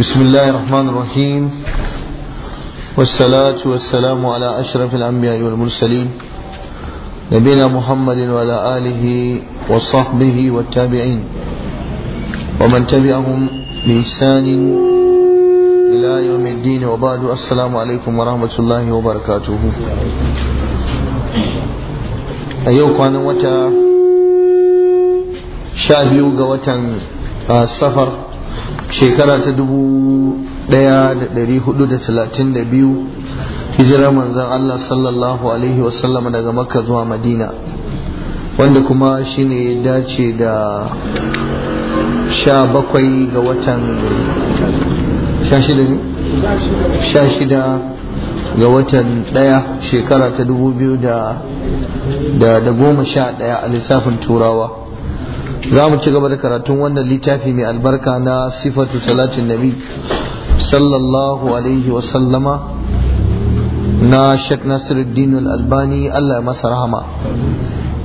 بسم الله الرحمن الرحيم والصلاة والسلام على أشرف الأنبياء والمرسلين نبينا محمد وعلى آله وصحبه والتابعين ومن تبعهم بإحسان إلى يوم الدين وبعد السلام عليكم ورحمة الله وبركاته أيوك أنا وتا شاهيوغا وتا السفر shekara ta dubu da hijirar manzan Allah sallallahu alaihi wasallam daga makka zuwa madina wanda kuma shine ya dace da 17 ga watan 16 ga watan daya shekara ta dubu biyu da goma sha daya a lissafin turawa za mu ci gaba da karatun wannan littafi mai albarka na sifatu salatin nabi sallallahu alaihi wasallama na shek nasiruddin al-albani allah ya masa rahama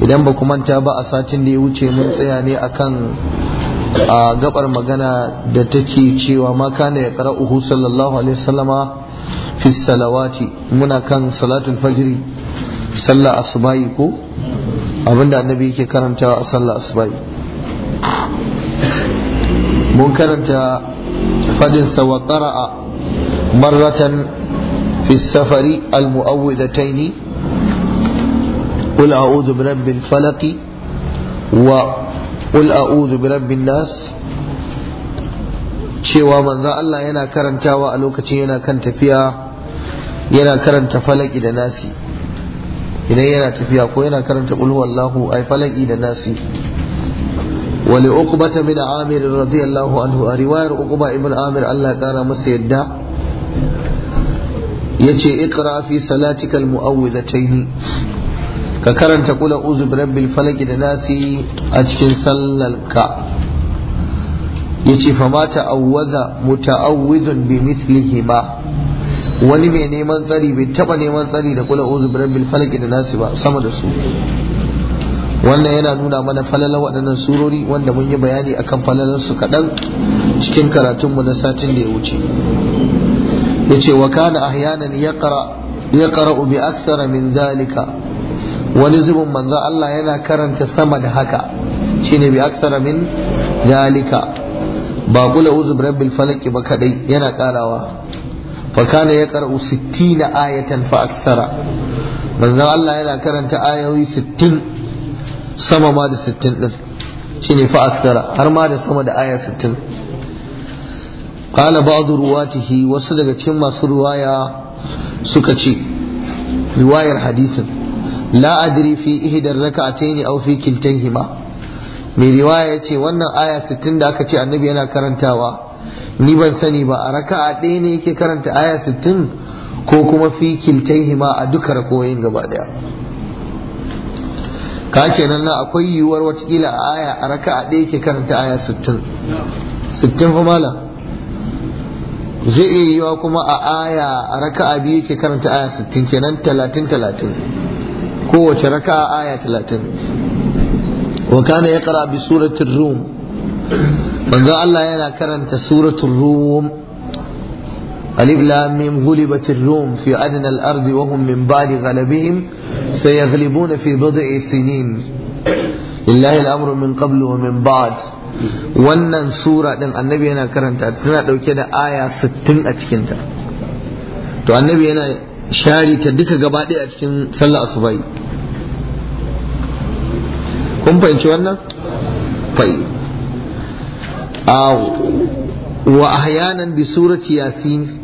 idan ba manta ba a satin da ya wuce mun tsaya ne akan a gabar magana da take cewa ma kana ya kara uhu sallallahu alaihi wasallama fi salawati muna kan salatul fajri sallah asubahi ko abinda annabi yake karantawa a sallah asubahi mun karanta fadinsa wa qara'a marratan fi safari al-mu'awwidataini قل أعوذ wa الفلق وقل أعوذ برب Nas. cewa manzo Allah yana karantawa a lokacin yana kan tafiya yana karanta falaki da nasi idan yana tafiya ko yana karanta qul huwallahu ay falaki da nasi ولعقبة من عامر رضي الله عنه رواية عقبة ابن عامر الله قال مسيدا يتي اقرأ في صلاتك المؤوذتين ka karanta kula uzu birabbil falaki da nasi a cikin sallalka yace fa ma ta'awwadha muta'awwidhun bi mithlihi ba wani mai neman tsari bai taba neman tsari da kula uzu birabbil falaki da nasi ba sama da su wannan yana nuna mana falalar waɗannan surori wanda mun yi bayani akan falalar su kaɗan cikin karatunmu na satin da ya wuce ya ce wa kana ahyanan ya ƙara'u bi aksara min zalika wani zubin manzo Allah yana karanta sama da haka shine bi aksara min zalika ba kula uzub rabbil falaki ba kadai yana karawa fa kana ya ƙara'u 60 ayatan fa aksara manzo Allah yana karanta ayoyi sittin. sama ma da sittin din shine fa aksara har ma da sama da aya sittin qala ta ruwatihi wasu daga cikin masu ruwaya suka ce riwayar hadisin la adri fi ihdar rak'atayn aw fi kiltayhima mai riwaya ya ce wannan aya sittin da aka ce annabi yana karantawa ni ban sani ba a raka'a ɗaya ne yake karanta aya sittin ko kuma fi hima a duka rakoyin gaba daya ka ce nan na akwai yiwuwar watakila a aya a raka a ɗaya ke karanta aya 60 60 fa malam zai iya yiwuwa kuma a aya a raka a biyu ke karanta aya 60 kenan 30 30 kowace raka a aya 30 wa kana ya kara bi suratun rum manzo Allah yana karanta suratun rum ألف لام غلبت الروم في أدنى الأرض وهم من بعد غلبهم سيغلبون في بضع سنين لله الأمر من قبل ومن بعد wannan sura din annabi yana karanta tana dauke da aya 60 a ta. to annabi yana shari ta duka gaba ɗaya a cikin sallah asubai kun fahimci wannan fai wa ahyanan bi surati yasin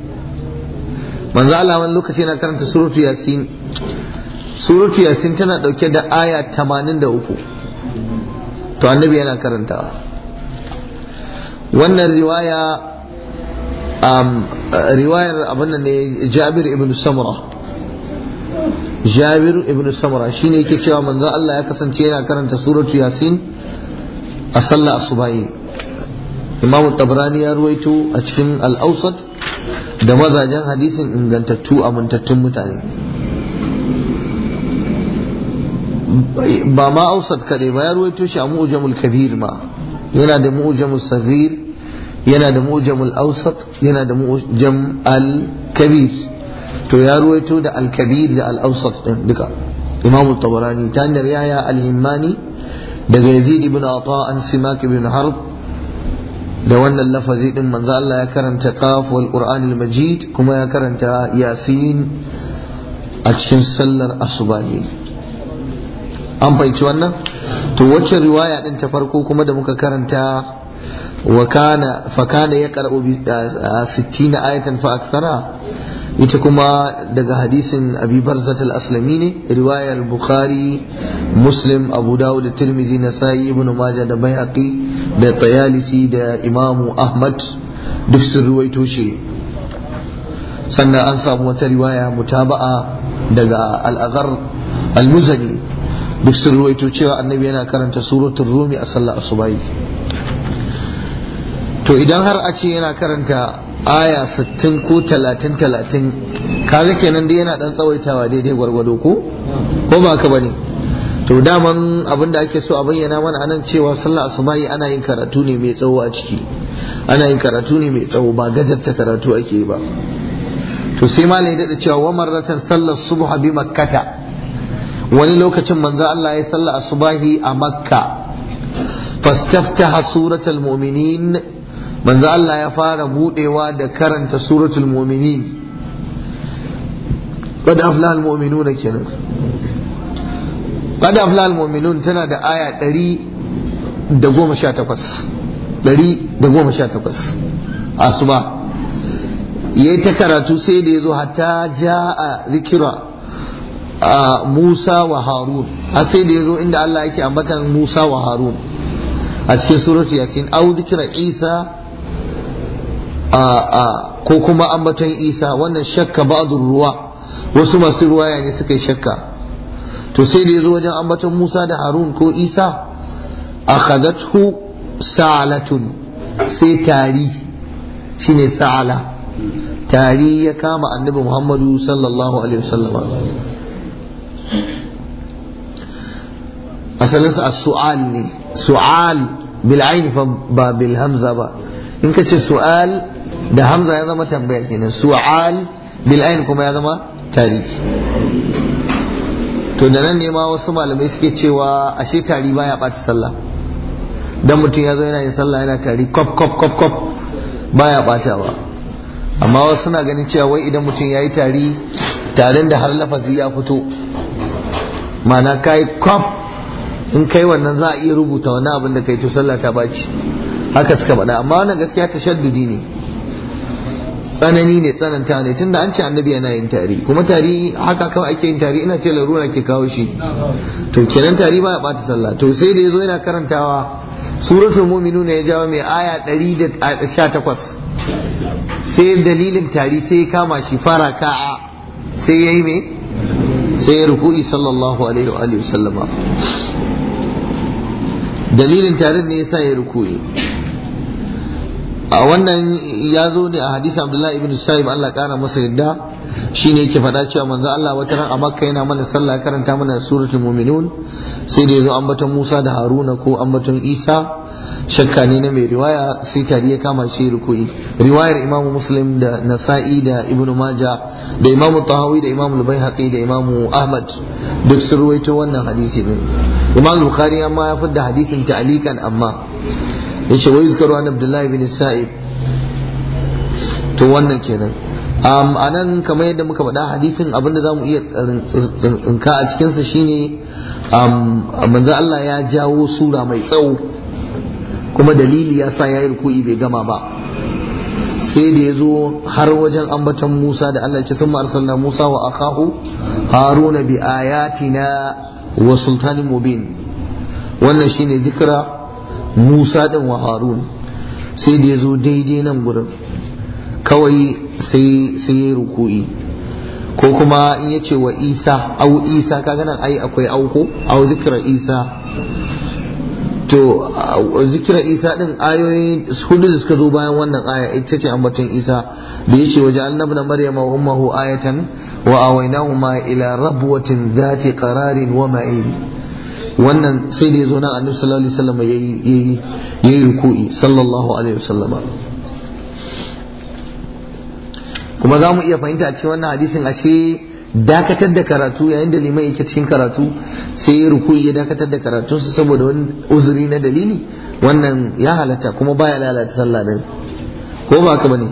manzo Allah wani lokaci yana karanta suratu yasin suratu yasin tana dauke da aya 83 to annabi yana karantawa wannan riwaya um, riwayar abin ne Jabir ibn Samura Jabir ibn Samura shine yake cewa manzo Allah ya kasance yana karanta suratu yasin a sallah asubahi imamu tabrani ya ruwaito a cikin al'ausat da mazajen hadisin ingantattu amintattun mutane ba ma ausat kare ba ya ruwaito shi a mu'jamul kabir ma yana da mu'jamul saghir yana da mu'jamul ausat yana da mu'jam al kabir to ya ruwaito da al kabir da al ausat din duka imamu tabrani ta hanyar yaya al himmani daga yazid ibn ata an simak ibn harb da wannan lafazi din manzo Allah ya karanta qaf wal al majid kuma ya karanta yasin a cikin sallar asubahi an fahimci wannan to wacce riwaya din ta farko kuma da muka karanta wa kana fa kana yaqra'u bi 60 ayatan fa aksara ita kuma daga hadisin abi barzat al-aslami ne riwayar bukhari muslim abu dawud da tirmidhi nasai ibn majah da baihaqi da tayalisi da imamu ahmad duk sun ruwaito shi sannan an samu wata riwaya mutaba'a daga al-azhar al-muzani duk sun ruwaito cewa annabi yana karanta suratul rumi a sallar asubai to idan har a ce yana karanta aya 60 ko 30 30 kaga kenan dai yana dan tsawaitawa daidai gwargwado ko ko ba ka bane to daman abin da ake so a bayyana mana anan cewa sallah asubahi ana yin karatu ne mai tsawo a ciki ana yin karatu ne mai tsawo ba gajarta karatu ake ba to sai malai da cewa wa marratan sallar subha bi makkata wani lokacin manzo Allah ya sallar asubahi a makka fastaftaha suratul mu'minin manzo Allah ya fara budewa da karanta suratul mu'minin qad aflaha mu'minun kenan qad aflaha muminun tana da aya 118 118 asuba yayi ta karatu sai da yazo hatta jaa zikra Musa wa Harun A sai da yazo inda Allah yake ambatan Musa wa Harun a cikin suratul yasin au zikra Isa ko kuma ambaton isa wannan shakka ba'dun ruwa wasu masu ruwaya ne suka yi shakka to sai da ya zo wajen ambaton musa da harun ko isa akhadathu salatun sai tari shine sa'ala tari ya kama annabi muhammadu sallallahu alaihi wasallam a su'al ne su'al bil'ain fa ba bil hamza ba in ka ce su'al da hamza ya zama tambaya kenan su'al bil ain kuma ya zama tarihi to da nan ne ma wasu malamai suke cewa ashe tari baya ɓata sallah dan mutum ya zo yana yin sallah yana tari kop kop kop kop baya ɓata ba amma wasu suna ganin cewa wai idan mutum ya yi tari tarin da har lafazi ya fito mana ka yi kwaf in kai wannan za a iya rubuta wani abin da kai to sallah ta baci haka suka faɗa amma wannan gaskiya tashaddudi ne tsanani ne tsananta ne tunda an ce annabi yana yin tari kuma tari haka kawai ake yin tari ina ce laruna ke kawo shi to kenan tari baya bata sallah to sai da yazo yana karantawa suratul mu'minun ya jawo mai aya 118 sai dalilin tari sai ya kama shi fara ka'a sai yayi me sai ya ruku'i sallallahu alaihi wa alihi dalilin tarin ne yasa ya ruku'i a wannan ya zo ne a hadisi abdullahi ibn sa'ib Allah kara masa yadda ne yake faɗa cewa manzo Allah wata ran a makka yana mana sallah karanta mana suratul mu'minun sai da ya yazo ambaton Musa da Haruna ko ambaton Isa shakka ne na mai riwaya sai tari ya kama shi rukuyi riwayar imamu muslim da nasa'i da ibn maja da imamu tahawi da imamu al-baihaqi da imamu ahmad duk sun ruwaito wannan hadisi ne imam bukhari amma ya fadda hadisin ta'alikan amma ya ce wai yuzkaru an abdullahi bin sa'ib to wannan kenan um, a nan kamar yadda muka faɗa hadisin abinda za mu iya tsinka a cikinsa shine um, manzo Allah ya jawo sura mai tsawo kuma dalili ya sa yi ruku'i bai gama ba sai da ya zo har wajen ambaton Musa da Allah ce sun arsalna Musa wa akahu haruna bi ayatina wa sultanin mubin wannan shine zikira Musa din wa harun sai da ya zo daidai nan gurin kawai sai ya ruku'i ko kuma in yace wa isa au isa kaga nan ai akwai auko au zikira isa to zikira isa din ayoyi hudu da suka zo bayan wannan aya ita ce ambaton isa da yace wa ja'alna ibn maryam wa ummuhu ayatan wa ma ila rabwatin zati qararin wa ma'in wannan sai da yazo nan annabi sallallahu alaihi wasallam yayi yayi yayi ruku'i sallallahu alaihi wasallama kuma za mu iya fahimta a cikin wannan hadisin a ce dakatar da karatu yayin da liman yake cikin karatu sai ya ruku ya dakatar da karatun su saboda wani uzuri na dalili wannan ya halatta kuma baya lalata sallah din ko ba ka bane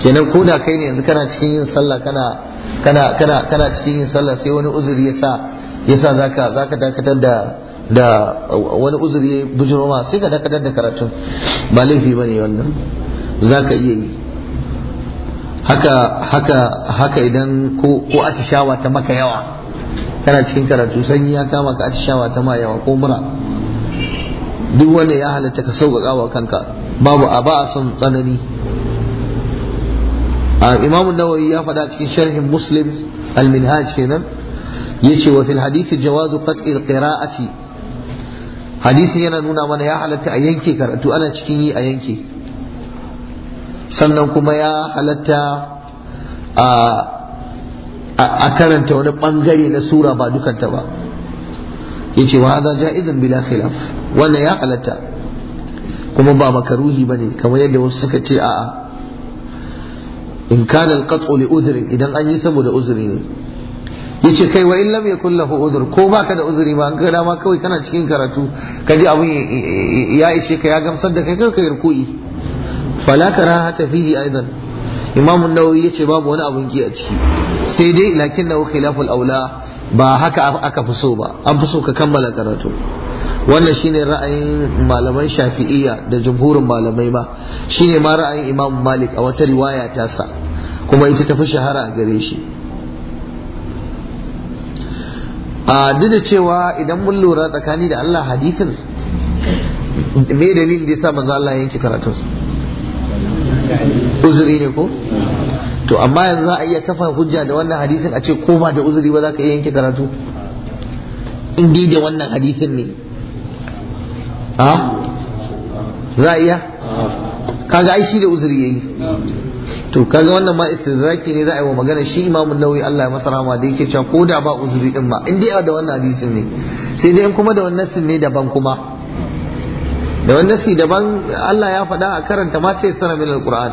kenan ko da kai ne yanzu kana cikin yin sallah kana kana kana kana cikin yin sallah sai wani uzuri ya sa ya sa zaka zaka dakatar da da wani uzuri ya ma sai ka dakatar da karatun ba laifi bane wannan zaka iya yi haka haka haka idan ko ko atishawa ta maka yawa kana cikin karatu sanyi ya kama ka atishawa ta ma yawa ko mura duk wanda ya halatta ka sauƙaƙa wa kanka babu a ba a son tsanani Imam nawawi ya faɗa cikin sharhin muslim al-minhaj kenan yace wa fil hadith jawazu qat'i al-qira'ati hadisin yana nuna mana ya halatta a yanke karatu ana cikin yi a yanke sannan kuma ya halatta a karanta wani bangare na sura ba dukanta ba ce wa ja izin bila khilaf wannan ya halatta kuma ba makaruhi ne kamar yadda wasu suka ce a in kana al li idan an yi saboda uzuri ne yace kai wa in lam yakul lahu udhr ko baka da uzuri ba ga dama kawai kana cikin karatu kaji abin ya ishe ka ya gamsar da kai kai ruku'i fala karahata fihi aidan imamu nawawi yace babu wani abun ki a ciki sai dai lakin lakinnahu khilaful aula ba haka aka fi so ba an fi so ka kammala karatu wannan shine ra'ayin malaman shafi'iyya da jumhurin malamai ma shine ma ra'ayin imam malik a wata riwaya ta sa. kuma ita tafi shahara a gare shi a duk da cewa idan mun lura tsakani da Allah hadithin me dalilin da sa manzo Allah yanke karatun uzuri ne ko to amma yanzu za a iya kafa hujja da wannan hadisin a ce ko ba da uzuri ba za ka iya yanke karatu in dai da wannan hadisin ne ha za a iya kaga ai shi da uzuri yayi to kaga wannan ma istidraki ne za a yi wa magana shi imamu nawawi Allah ya masa rahama da yake cewa ko da ba uzuri din ma in dai da wannan hadisin ne sai dai in kuma da wannan sun ne daban kuma da wani nasi daban Allah ya faɗa a karanta ma ce sana min alquran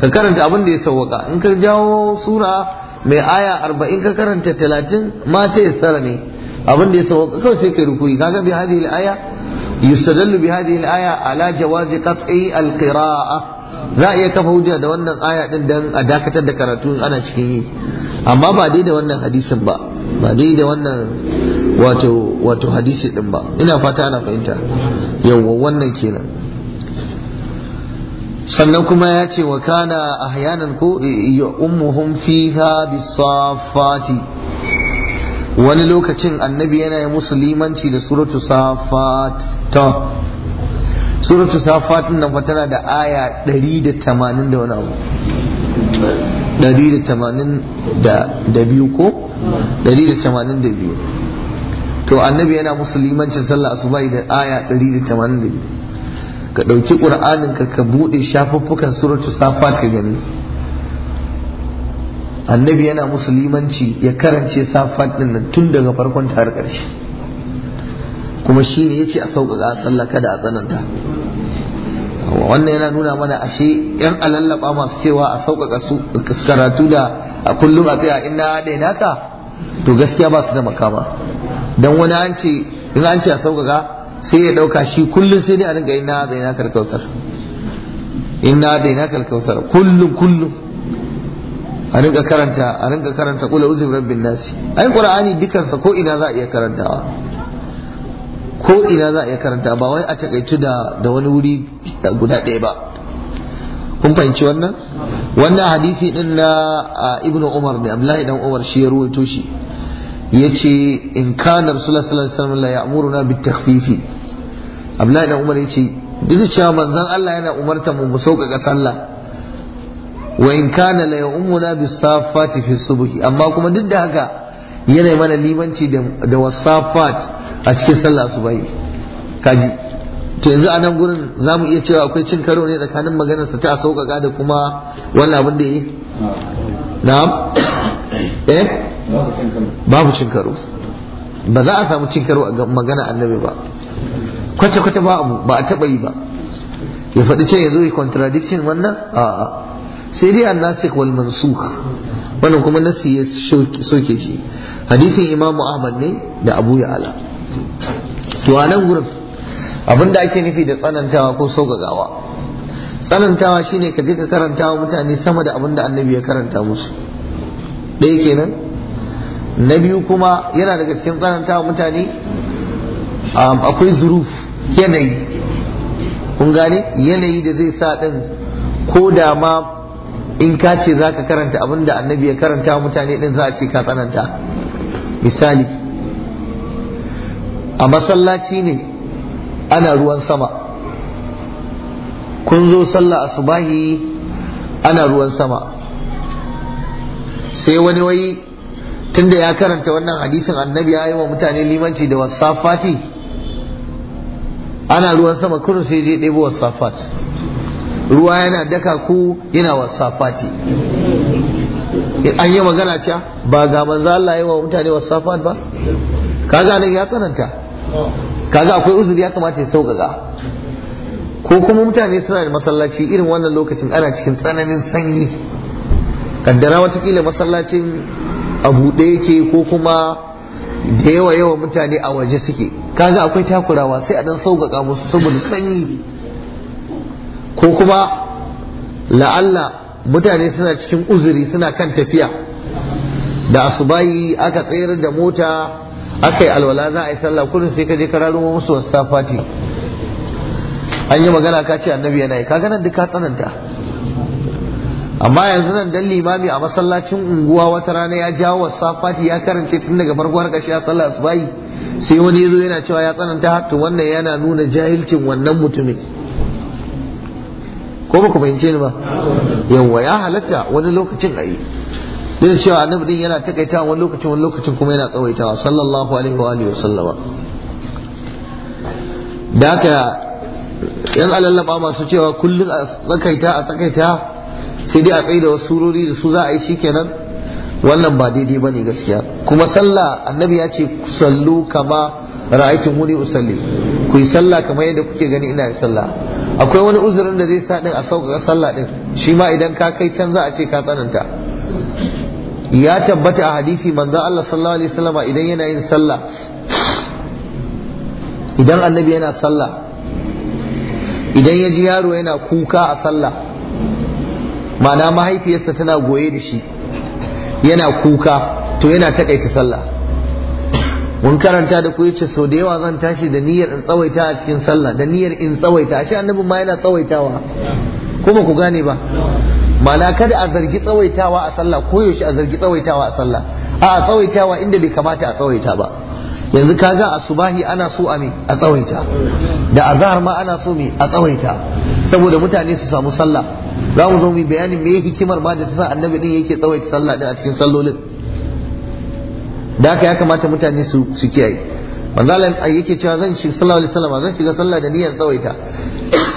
ka karanta abin da ya sauka in ka jawo sura mai aya arba'in ka karanta talatin ma ce sana ne abin da ya sauka kawai sai kai rukuyi kaga bi hadhihi al-aya bi hadhihi al-aya ala jawazi qat'i al-qira'ah za iya kafa hujja da wannan aya din dan a dakatar da karatu ana cikin yi amma ba dai da wannan hadisin ba ba dai da wannan wato wato hadisi din ba ina fata ana fahimta yawa wannan kenan sannan kuma ya ce wa kana hayanan ko ya ummuhum fiha bisafati wani lokacin annabi yana yi musulmanci da suratu safat ta suratu safat nan fa tana da aya 180 da wani abu 182 ko 182 to annabi yana musulmancin sallah bai da aya 182 ka ɗauki ƙur'anin ka ka buɗe shafuffukan suratu safat ka gani annabi yana musulmanci ya karance safat ɗin nan tun daga farkon ta har ƙarshe kuma shi ne ya a sauƙaƙa sallah kada a tsananta wannan yana nuna mana ashe yan alallaba masu cewa a sauƙaƙa su karatu da a kullum a tsaya inna daina naka? to gaskiya ba su da makama dan wani an ce in an ce a sauƙaƙa sai ya ɗauka shi kullum sai dai a dinga ina da ina kalkautar ina da ina kalkautar kullum kullum a dinga karanta a dinga karanta qul a'udhu rabbin nasi ai qur'ani dukansa ko ina za a iya karantawa ko ina za a iya karanta ba wai a takaitu da da wani wuri guda ɗaya ba kun fahimci wannan wannan hadisi din na ibnu umar ne abdullahi dan umar shi ya ruwaito shi yace in kana rasulullah sallallahu alaihi wasallam la ya'muruna bit takhfifi abdullahi dan umar yace duk da cewa manzon Allah yana umarta mu mu sauƙaƙa sallah wa in kana la na bis safati fi subhi amma kuma duk da haka yana mana limanci da wasafat a cikin sallah subahi kaji to yanzu a nan gurin za mu iya cewa akwai cin karo ne tsakanin maganarsa ta sauƙaƙa da kuma wannan abin da yi na'am eh babu cin karo ba za a samu cin karo a magana annabi ba kwace kwace ba abu ba a taba yi ba ya faɗi ce ya zo yi contradiction wannan a sai dai an nasik wal mansuk wannan kuma nasi ya soke shi hadisin imamu ahmad ne da abu ala to a nan gurin abinda ake nufi da tsanantawa ko sauƙaƙawa tsanantawa shine ka je ka karanta wa mutane sama da abinda annabi ya karanta musu ɗaya kenan na biyu kuma yana daga cikin tsananta mutane um, akwai zuruf yanayi kun gane yanayi da zai sa ɗin ko da ma in ka ce za ka karanta abin da annabi ya karanta mutane ɗin za a ce ka tsananta misali a masallaci ne ana ruwan sama kun zo sallah asubahi ana ruwan sama sai wani wai tunda ya karanta wannan hadisin annabi ya yi wa mutane limanci da wasafati ana ruwan sama kurun sai je ɗebo wasafati ruwa yana daka ku yana wasafati an yi magana ca ba ga manzo Allah yi wa mutane wasafati ba kaga ne ya karanta kaga akwai uzuri ya kamata ya sauƙaƙa ko kuma mutane suna da masallaci irin wannan lokacin ana cikin tsananin sanyi kaddara watakila masallacin a buɗe yake ko kuma da yawa yawa mutane a waje suke kaga akwai takurawa sai a dan sauƙaƙa musu saboda sanyi ko kuma la'alla mutane suna cikin uzuri suna kan tafiya da asubayi aka tsayar da mota aka yi alwala za a yi sallah kurin sai ka je ka raro musu wasu safati an yi magana ka ce annabi yana yi kaga nan duk ka tsananta amma yanzu nan dan limami a masallacin unguwa wata rana ya jawo wasafati ya karance tun daga farko har kashi ya sallah asubahi sai wani yazo yana cewa ya tsananta hatta wannan yana nuna jahilcin wannan mutumin ko ba ku fahimce ni ba yawa ya halatta wani lokacin ayi din cewa annabi din yana takaita wani lokacin wani lokacin kuma yana tsawaitawa sallallahu alaihi wa alihi wasallama da haka yan alallaba masu cewa kullum a tsakaita a tsakaita sai dai a tsaye da wasu surori da su za a yi nan. wannan ba daidai ne gaskiya kuma sallah annabi ya ce sallu kama ra'aytum muni usalli ku yi sallah kamar yadda kuke gani ina sallah akwai wani uzurin da zai sa din a sauƙaƙa sallah din shi ma idan ka kai can za a ce ka tsananta ya tabbata a hadisi manzon Allah sallallahu alaihi wasallam idan yana yin sallah idan annabi yana sallah idan ya ji yaro yana kuka a sallah ma'ana mahaifiyarsa tana goye da shi yana kuka to yana takaita sallah mun karanta da ku yace so da yawa zan tashi da niyyar in tsawaita a cikin sallah da niyyar in tsawaita ashe annabi ma yana tsawaitawa kuma ku gane ba mana kada a zargi tsawaitawa a sallah ko yaushe a zargi tsawaitawa a sallah a tsawaitawa inda bai kamata a tsawaita ba yanzu kaga a subahi ana so a me a tsawaita da azhar ma ana so me a tsawaita saboda mutane su samu sallah za mu zo mu bayanin me hikimar ma da ta sa annabi din yake tsawaita sallah din a cikin sallolin da haka ya kamata mutane su su kiyaye manzalan yake cewa zan shi sallallahu alaihi wasallam zan shiga sallah da niyyar tsawaita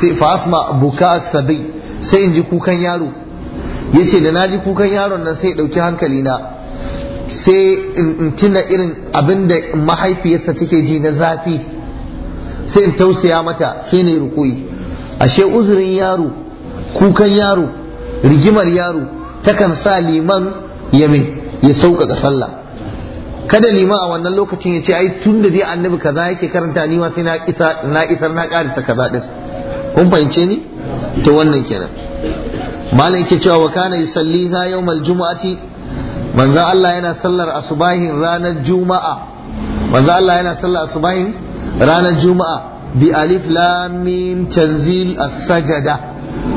sai fa asma buka sabi sai in ji kukan yaro yace da naji kukan yaron nan sai dauki hankali na sai in tuna irin abinda da mahaifiyarsa take ji na zafi sai in tausaya mata sai ne rukuyi ashe uzurin yaro kukan yaro rigimar yaro takan sa liman ya mai ya sauƙaƙa sallah kada lima a wannan lokacin ya ce ai tun da dai annabi kaza yake karanta ni ma sai na isa na isar na karanta kaza din kun fahimce ni to wannan kenan malam yake cewa wa kana yusalli ha yawmal jumu'ati manzo Allah yana sallar asubahin Allah yana sallar asubahin ranar juma'a bi alif lam tanzil as-sajada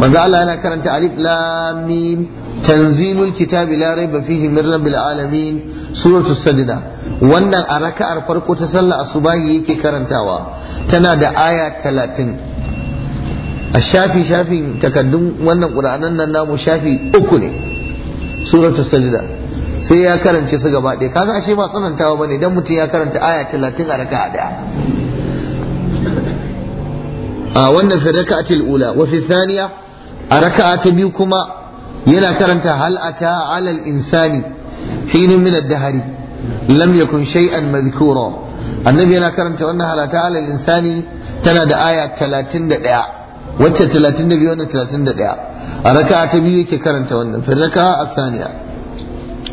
manzo Allah yana karanta alif lam mim kitabi Larai raiba fihi min rabbil alamin suratul wannan a farko ta sallah asubahi yake karantawa tana da aya 30 a shafi shafin takaddun wannan qur'anan nan namu shafi uku ne suratul sajda sai ya karance su gaba ɗaya kaga ashe ba tsanantawa bane dan mutum ya karanta aya talatin a raka'a daya a wannan fi raka'atil ula wa fi thaniya a raka'a ta biyu kuma yana karanta hal ata alal insani hinun min ad-dahari lam yakun shay'an madhkura annabi yana karanta wannan hal ata alal insani tana da aya 31 wacce 32 wannan 31 a raka'a ta biyu yake karanta wannan fi raka'a as-saniya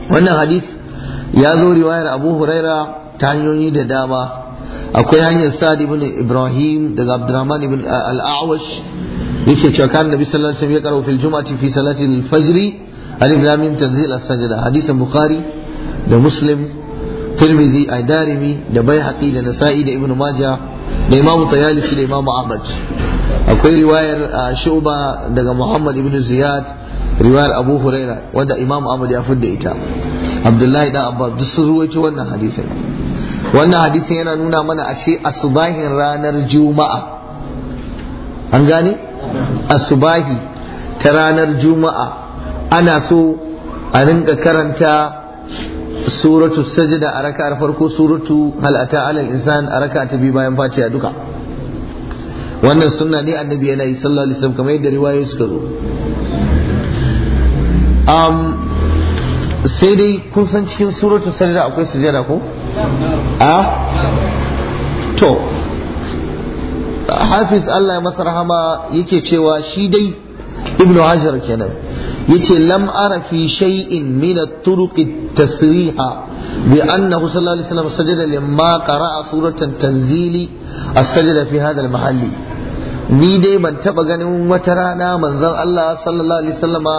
wannan hadith ya zo riwayar Abu Huraira ta hanyoyi da dama akwai hanyar sa'ad ibn ibrahim daga abdurrahman ibn al'awash awash yake cewa kan nabi sallallahu alaihi wasallam ya karo fil jum'ati fi salati al-fajr alif ibrahim tanzil as-sajda hadisin bukhari da muslim tirmidhi Aidarimi, darimi da baihaqi da nasa'i da ibn majah da imamu tayalisi da imamu ahmad akwai riwayar shuba daga muhammad ibn ziyad riwayar abu huraira wanda Imam ahmad ya fudda ita abdullahi da abba duk sun ruwaito wannan hadisin wannan hadisin yana nuna mana ashe asubahin ranar juma'a an gane asubahi ta ranar juma'a ana so a rinka karanta suratu sajda a raka'ar farko suratu hal'ata alal insan a raka'a ta biyu bayan fatiha duka wannan sunna ne annabi yana yi sallallahu alaihi wasallam kamar yadda riwayoyi suka zo sai dai kun san cikin suratu sajda akwai sujada ko a ah? to hafiz Allah ya masa rahama yake cewa shi dai ibn hajar kenan yace lam ara fi shay'in min at-turuq at-tasriha bi annahu sallallahu alaihi wasallam sajada lamma qara'a suratan tanzili a sajada fi hadha al-mahalli ni dai ban taɓa ganin wata rana manzon Allah sallallahu alaihi wasallama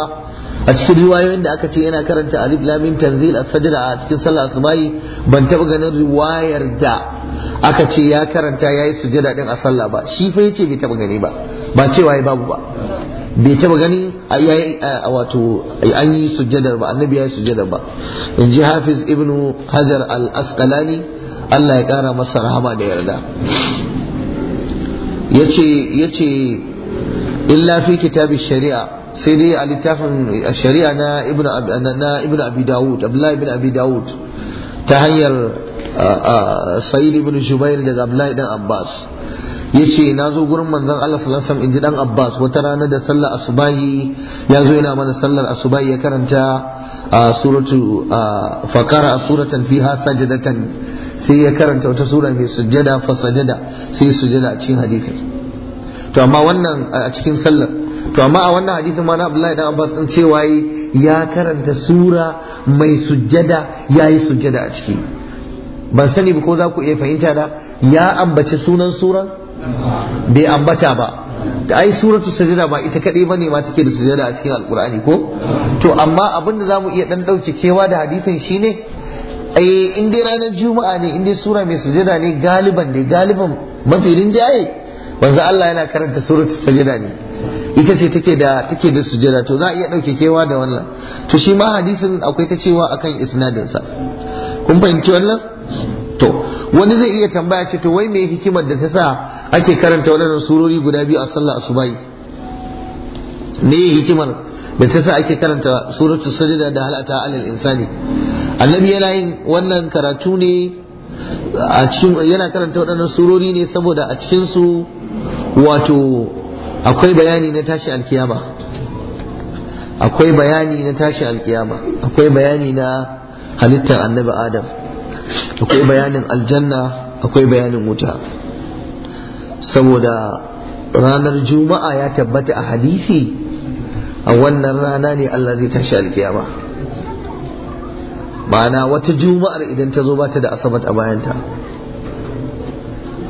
a cikin riwayoyin da aka ce yana karanta alif lamin tanzil a sajada a cikin sallah asubahi ban taba ganin riwayar da aka ce ya karanta yayi sujada din a sallah ba shi fa yace bai taba gani ba ba cewa ya babu ba bai taba gani wato an yi sujadar ba annabi ya yi sujadar ba in ji hafiz ibnu hajar al-asqalani Allah ya kara masa rahama da yarda yace yace illa fi kitabish shari'a sai dai a littafin shari'a na ibn abi dawud abdullahi ibn abi dawud ta hanyar sa'id ibn jubair daga abdullahi dan abbas yace na zo gurin manzon Allah sallallahu alaihi wasallam dan abbas wata rana da sallar asubahi ya zo yana mana sallar asubahi ya karanta suratu fakara suratan fiha sajadatan sai ya karanta wata sura mai sujjada fa sajada sai sujjada a cikin hadithin to amma wannan a cikin sallar to amma a wannan hadisin ma na Abdullahi dan Abbas din cewa ya karanta sura mai sujjada yayi sujjada a ciki ban sani ba ko za ku iya fahimta da ya ambaci sunan suran bai ambata ba da ai suratu sujada ba ita kadai bane ma take da sujjada a cikin alkur'ani ko to amma abin da zamu iya dan dauce kewa da hadisin shine ai in dai ranar juma'a ne in dai sura mai sujjada ne galiban ne galiban mafirin rinjaye wanzu Allah yana karanta suratu sujada ne ita ce take da take da sujada to za a iya ɗauke kewa da wannan to shi ma hadisin akwai ta cewa akan isnadinsa kun fahimci wannan to wani zai iya tambaya ce to wai me hikimar da ta sa ake karanta wannan surori guda biyu a sallah asubai me hikimar da ta sa ake karanta suratul sajda da halata alal insani annabi yana yin wannan karatu ne a cikin yana karanta wannan surori ne saboda a cikin su wato akwai bayani na tashi alkiyama akwai bayani na tashi alkiyama akwai bayani na halittar annabi adam akwai bayanin aljanna akwai bayanin wuta saboda ranar juma'a ya tabbata a hadisi a wannan rana ne Allah zai tashi alkiyama ma'ana wata juma'ar idan ta zo bata da asabat a bayanta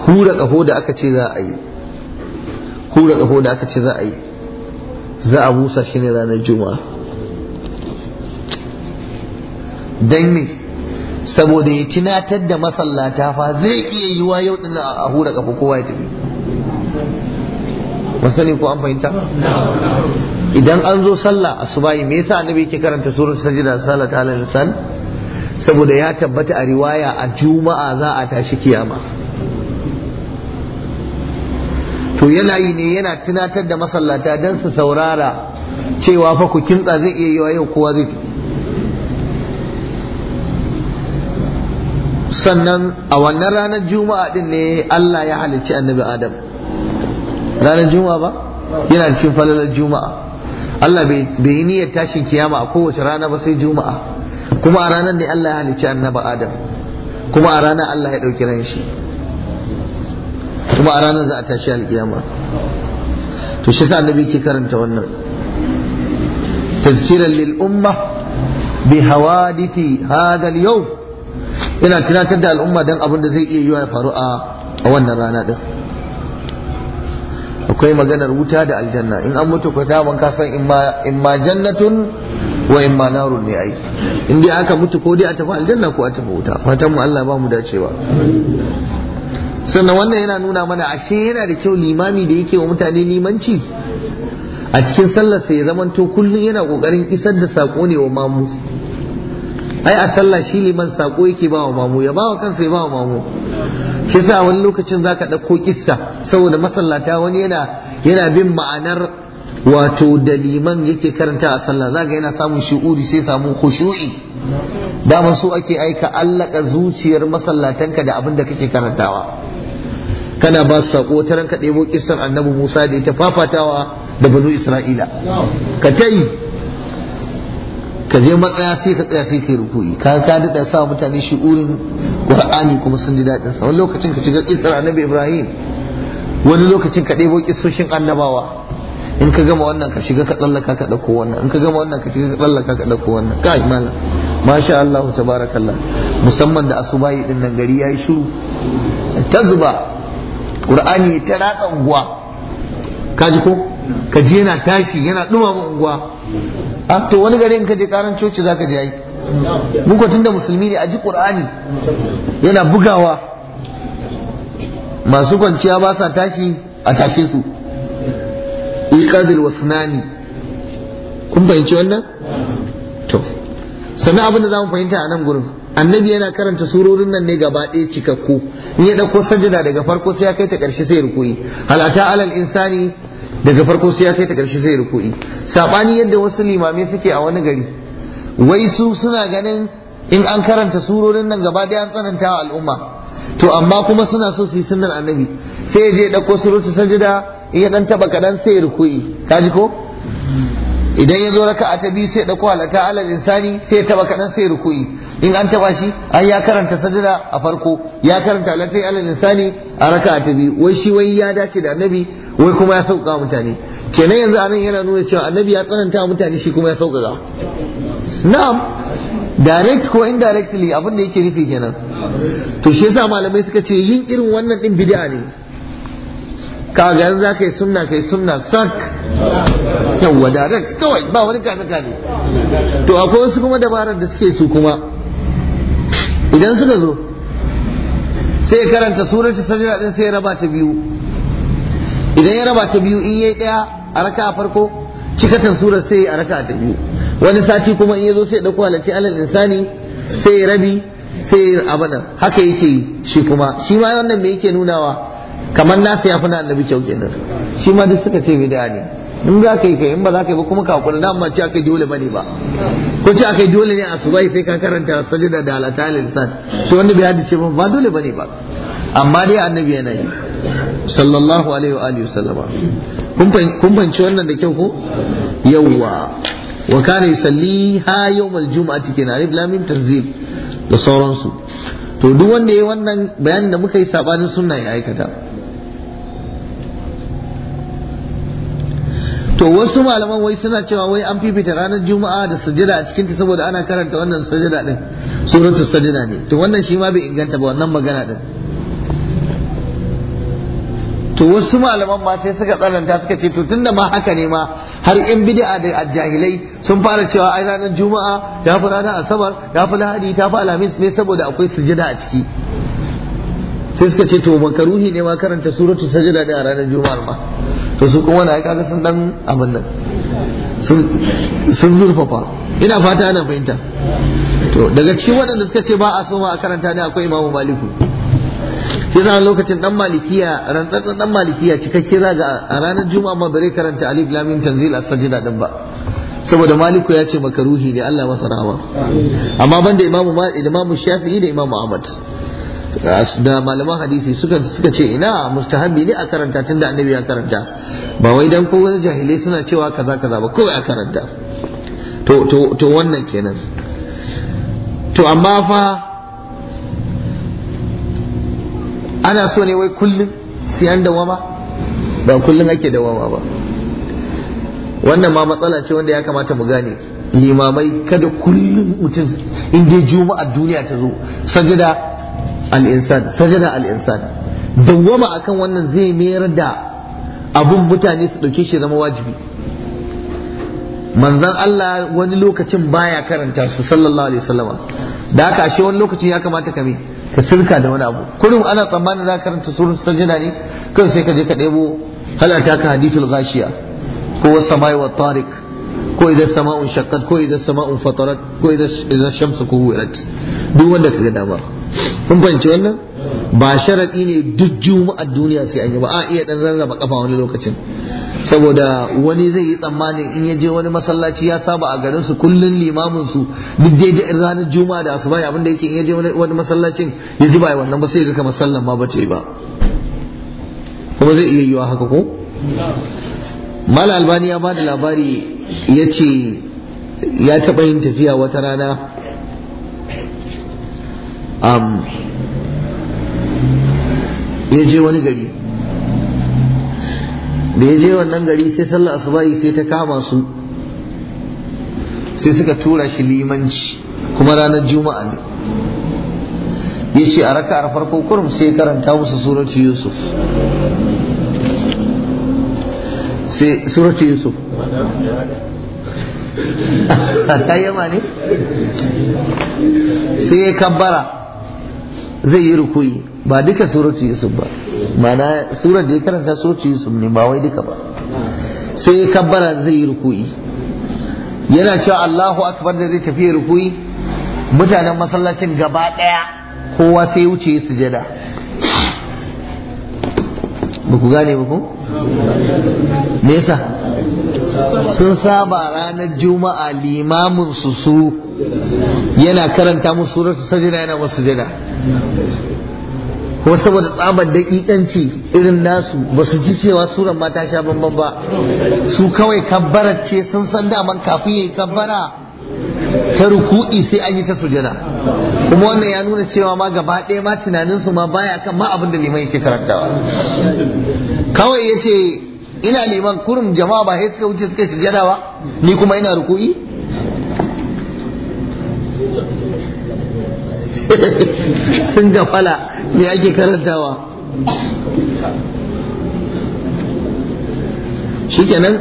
hura ƙaho da aka ce za a yi hura ƙaho da aka ce za a yi za a busa shi ne ranar juma'a don me saboda ya tunatar da masallata fa zai iya yiwa yau din a hura ƙafa kowa ya tafi masani ko an fahimta idan an zo sallah a subayi me yasa annabi yake karanta surar sajida sallallahu alaihi wasallam saboda ya tabbata a riwaya a juma'a za a tashi kiyama to yana yi ne yana tunatar da masallata don su saurara cewa fa ku kimtsa zai iya yi wa yau kowa zai sannan a wannan ranar juma'a din ne Allah ya halicci annabi adam ranar juma'a ba yana cikin falalar juma'a Allah bai yi niyyar tashin kiyama a kowace rana ba sai juma'a kuma a ranar ne Allah ya halicci annabi adam kuma a ranar Allah ya ɗauki ran shi kuma a ranar za a tashi alkiyama to shi sa annabi ke karanta wannan tazkiran lil umma bi hawadithi hadha ina tunatar da al'umma dan abin da zai iya yiwa ya faru a wannan rana din akwai maganar wuta da aljanna in an mutu ko daman ka san in ma jannatun wa in ma narun ne ai in dai aka mutu ko dai a tafi aljanna ko a tafi wuta fatan mu Allah ba mu dacewa sannan wannan yana nuna mana ashe yana da kyau limami da yake wa mutane limanci a cikin sallar sallarsa ya zamanto kullum yana kokarin isar da sako ne wa mamu ai a sallah shi liman sako yake ba wa mamu ya ba wa kansa ya ba wa mamu shi sa wani lokacin zaka ɗauko kissa saboda masallata wani yana yana bin ma'anar wato da liman yake karanta a sallah zaka yana samun shi'uri sai samu khushu'i dama su ake aika allaka zuciyar masallatanka da abin da kake karantawa kana ba su sako ta ranka ɗebo kisar annabi Musa da ita fafatawa da banu Isra'ila ka ta ka je matsaya sai ka tsaya sai ka yi rukuyi ka ka daɗa sa mutane shi'urin Qur'ani kuma sun ji daɗin sa wani lokacin ka shiga kisar annabi Ibrahim wani lokacin ka ɗebo kisoshin annabawa in ka gama wannan ka shiga ka tsallaka ka ɗauko wannan in ka gama wannan ka shiga ka tsallaka ka ɗauko wannan kai malam masha Allah tabarakallah musamman da asubahi din nan gari yayi shiru ta zuba qur'ani ta ratsa unguwa kaji ko kaji yana tashi yana dumama unguwa a ah, to wani gari in ka je karan coci zaka je ai mun ko tunda musulmi ne a ji qur'ani yana bugawa masu kwanciya ba sa tashi a tashe su iqadil wasnani kun fahimci wannan to sannan abin da za mu fahimta a nan gurin annabi yana karanta surorin nan ne gaba ɗaya cikakku in ya ɗauko sajada daga farko sai ya kai ta ƙarshe sai ruku'i halata alal insani daga farko sai ya kai ta ƙarshe sai ruku'i sabani yadda wasu limamai suke a wani gari wai su suna ganin in an karanta surorin nan gaba ɗaya an tsananta wa al'umma to amma kuma suna so su yi sunnan annabi sai ya je ɗauko surorin sajada in ya ɗan taɓa kaɗan sai ruku'i kaji ko idan ya zo raka'a ta biyu sai ɗauko halata alal insani sai ya taɓa kaɗan sai ruku'i in an taba shi ai ya karanta sajada a farko ya karanta alatai alal insani a raka'a ta biyu wai shi wai ya dace da annabi wai kuma ya sauka mutane kenan yanzu anan yana nuna cewa annabi ya tsananta mutane shi kuma ya sauƙaƙa na'am direct ko indirectly abin da yake nufi kenan to shi yasa malamai suka ce yin irin wannan din bid'a ne Ka ga yanzu za ka yi sunna ka yi sunna sak yawwa direct kawai ba wani kame kame to akwai wasu kuma dabarar da suke su kuma idan suka zo sai ya karanta suratul sajda din sai ya raba ta biyu idan ya raba ta biyu in yayi daya a raka a farko cikatan surar sai a raka ta biyu wani sati kuma in ya zo sai ya dauko halatti alal insani sai ya rabi sai ya abada haka yake shi kuma shi ma wannan me yake nunawa kamar nasu ya fi na annabi kyau kenan shi ma duk suka ce bid'a ne in za ka yi kai in ba za ka yi ba kuma ka hakura da amma ce aka dole bane ba ko ce aka dole ne a subai sai ka karanta sajida da alata lisan to wanda bai hadice ba ba dole bane ba amma dai annabi yana yi sallallahu alaihi wa alihi wasallama kun fahimci wannan da kyau ko yawwa wa kana yusalli ha yawmal jum'ati kenan alif lam mim tanzil da sauransu to duk wanda yayi wannan bayanin da muka yi sabanin sunna ya aikata to wasu malaman wai suna cewa wai an fifita ranar juma'a da sajada a cikinta saboda ana karanta wannan sajada din suratul sajada ne to wannan shi ma bai inganta ba wannan magana din to wasu malaman ma sai suka tsananta suka ce to tunda ma haka ne ma har yan bid'a da jahilai sun fara cewa ai ranar juma'a ta fi ranar asabar ta fi lahadi ta fi alhamis ne saboda akwai sujada a ciki sai suka ce to makaruhi ne ma karanta suratu sajda ne a ranar juma'ar ma to su kuma na kaga sun dan abin nan sun zurfafa ina fata ana fahimta to daga cikin waɗanda suka ce ba a so ma a karanta ne akwai imamu maliku sai zan lokacin dan malikiya rantsatsan dan malikiya cikakke za ga a ranar juma'a ma bare karanta alif lam mim tanzil as-sajda din ba saboda maliku ya ce makaruhi ne Allah masa rahama amma banda imamu imamu shafi'i da imamu ahmad da malaman hadisi suka suka ce ina mustahabi ne a karanta tunda annabi ya karanta ba wai dan kowa jahilai suna cewa kaza kaza ba kawai a karanta to to to wannan kenan to amma fa ana so ne wai kullum sai an dawama ba kullum ake dawama ba wannan ma matsala ce wanda ya kamata mu gane limamai kada kullum mutum in dai juma'a duniya ta zo sajada al-insan sajada al dawwama akan wannan zai mayar da abun mutane su dauke shi zama wajibi manzan Allah wani lokacin baya karanta su sallallahu alaihi wasallama da haka ashe wani lokacin ya kamata ka me ka sirka da wani abu kullum ana tsammanin za ka karanta surun sajada ne kan sai ka je ka ɗebo halata ka hadisul ghashiya ko wasamai wa tariq ko idan sama'un shaqqat ko idan sama'un fatarat ko idan shamsu kuwirat duk wanda dama kun fahimci wannan ba sharaɗi ne duk juma'ar duniya sai an yi ba a iya dan rarraba kafa wani lokacin saboda wani zai yi tsammanin in ya je wani masallaci ya saba a garin su kullun limamin su duk daidai ranar juma'a da asuba abin da yake in ya je wani masallacin ya ji ba wannan ba sai ga kamar sallan ma bace ba kuma zai iya yiwa haka ko mala albani ya bada labari ya ce ya taɓa yin tafiya wata rana ya je wani gari da ya je wannan gari sai sallar asubahi sai ta kama su sai suka tura shi limanci kuma ranar juma'a ne ya ce a raka'ar farko kurum sai karanta musu suratu yusuf sai suratu yusuf ta yama ne sai ya kabbara zai yi rukuyi ba duka suratu yusuf ba mana surar da ya karanta suratu yusuf ne ba wai duka ba sai ya kabbara zai yi rukuyi yana cewa Allahu akbar da zai tafi rukuyi mutanen masallacin gaba daya kowa sai wuce sujada ba ku gane ba ku nesa sun saba ranar juma'a limamin su su yana karanta musu suratul sajda yana musu sujada ko saboda tsabar daƙiƙanci irin nasu ba su ji cewa suran ma ta sha bambam ba su kawai kabbarar ce sun san daman kafin ya yi kabbara ta ruku'i sai an yi ta sujana kuma wannan ya nuna cewa ma gaba ɗaya ma tunaninsu ma baya kan ma abin da liman yake karantawa kawai yace. ce ina neman kurum jama'a ba sai wuce suka sujada ba ni kuma ina ruku'i sun gafala me ake karantawa shikenan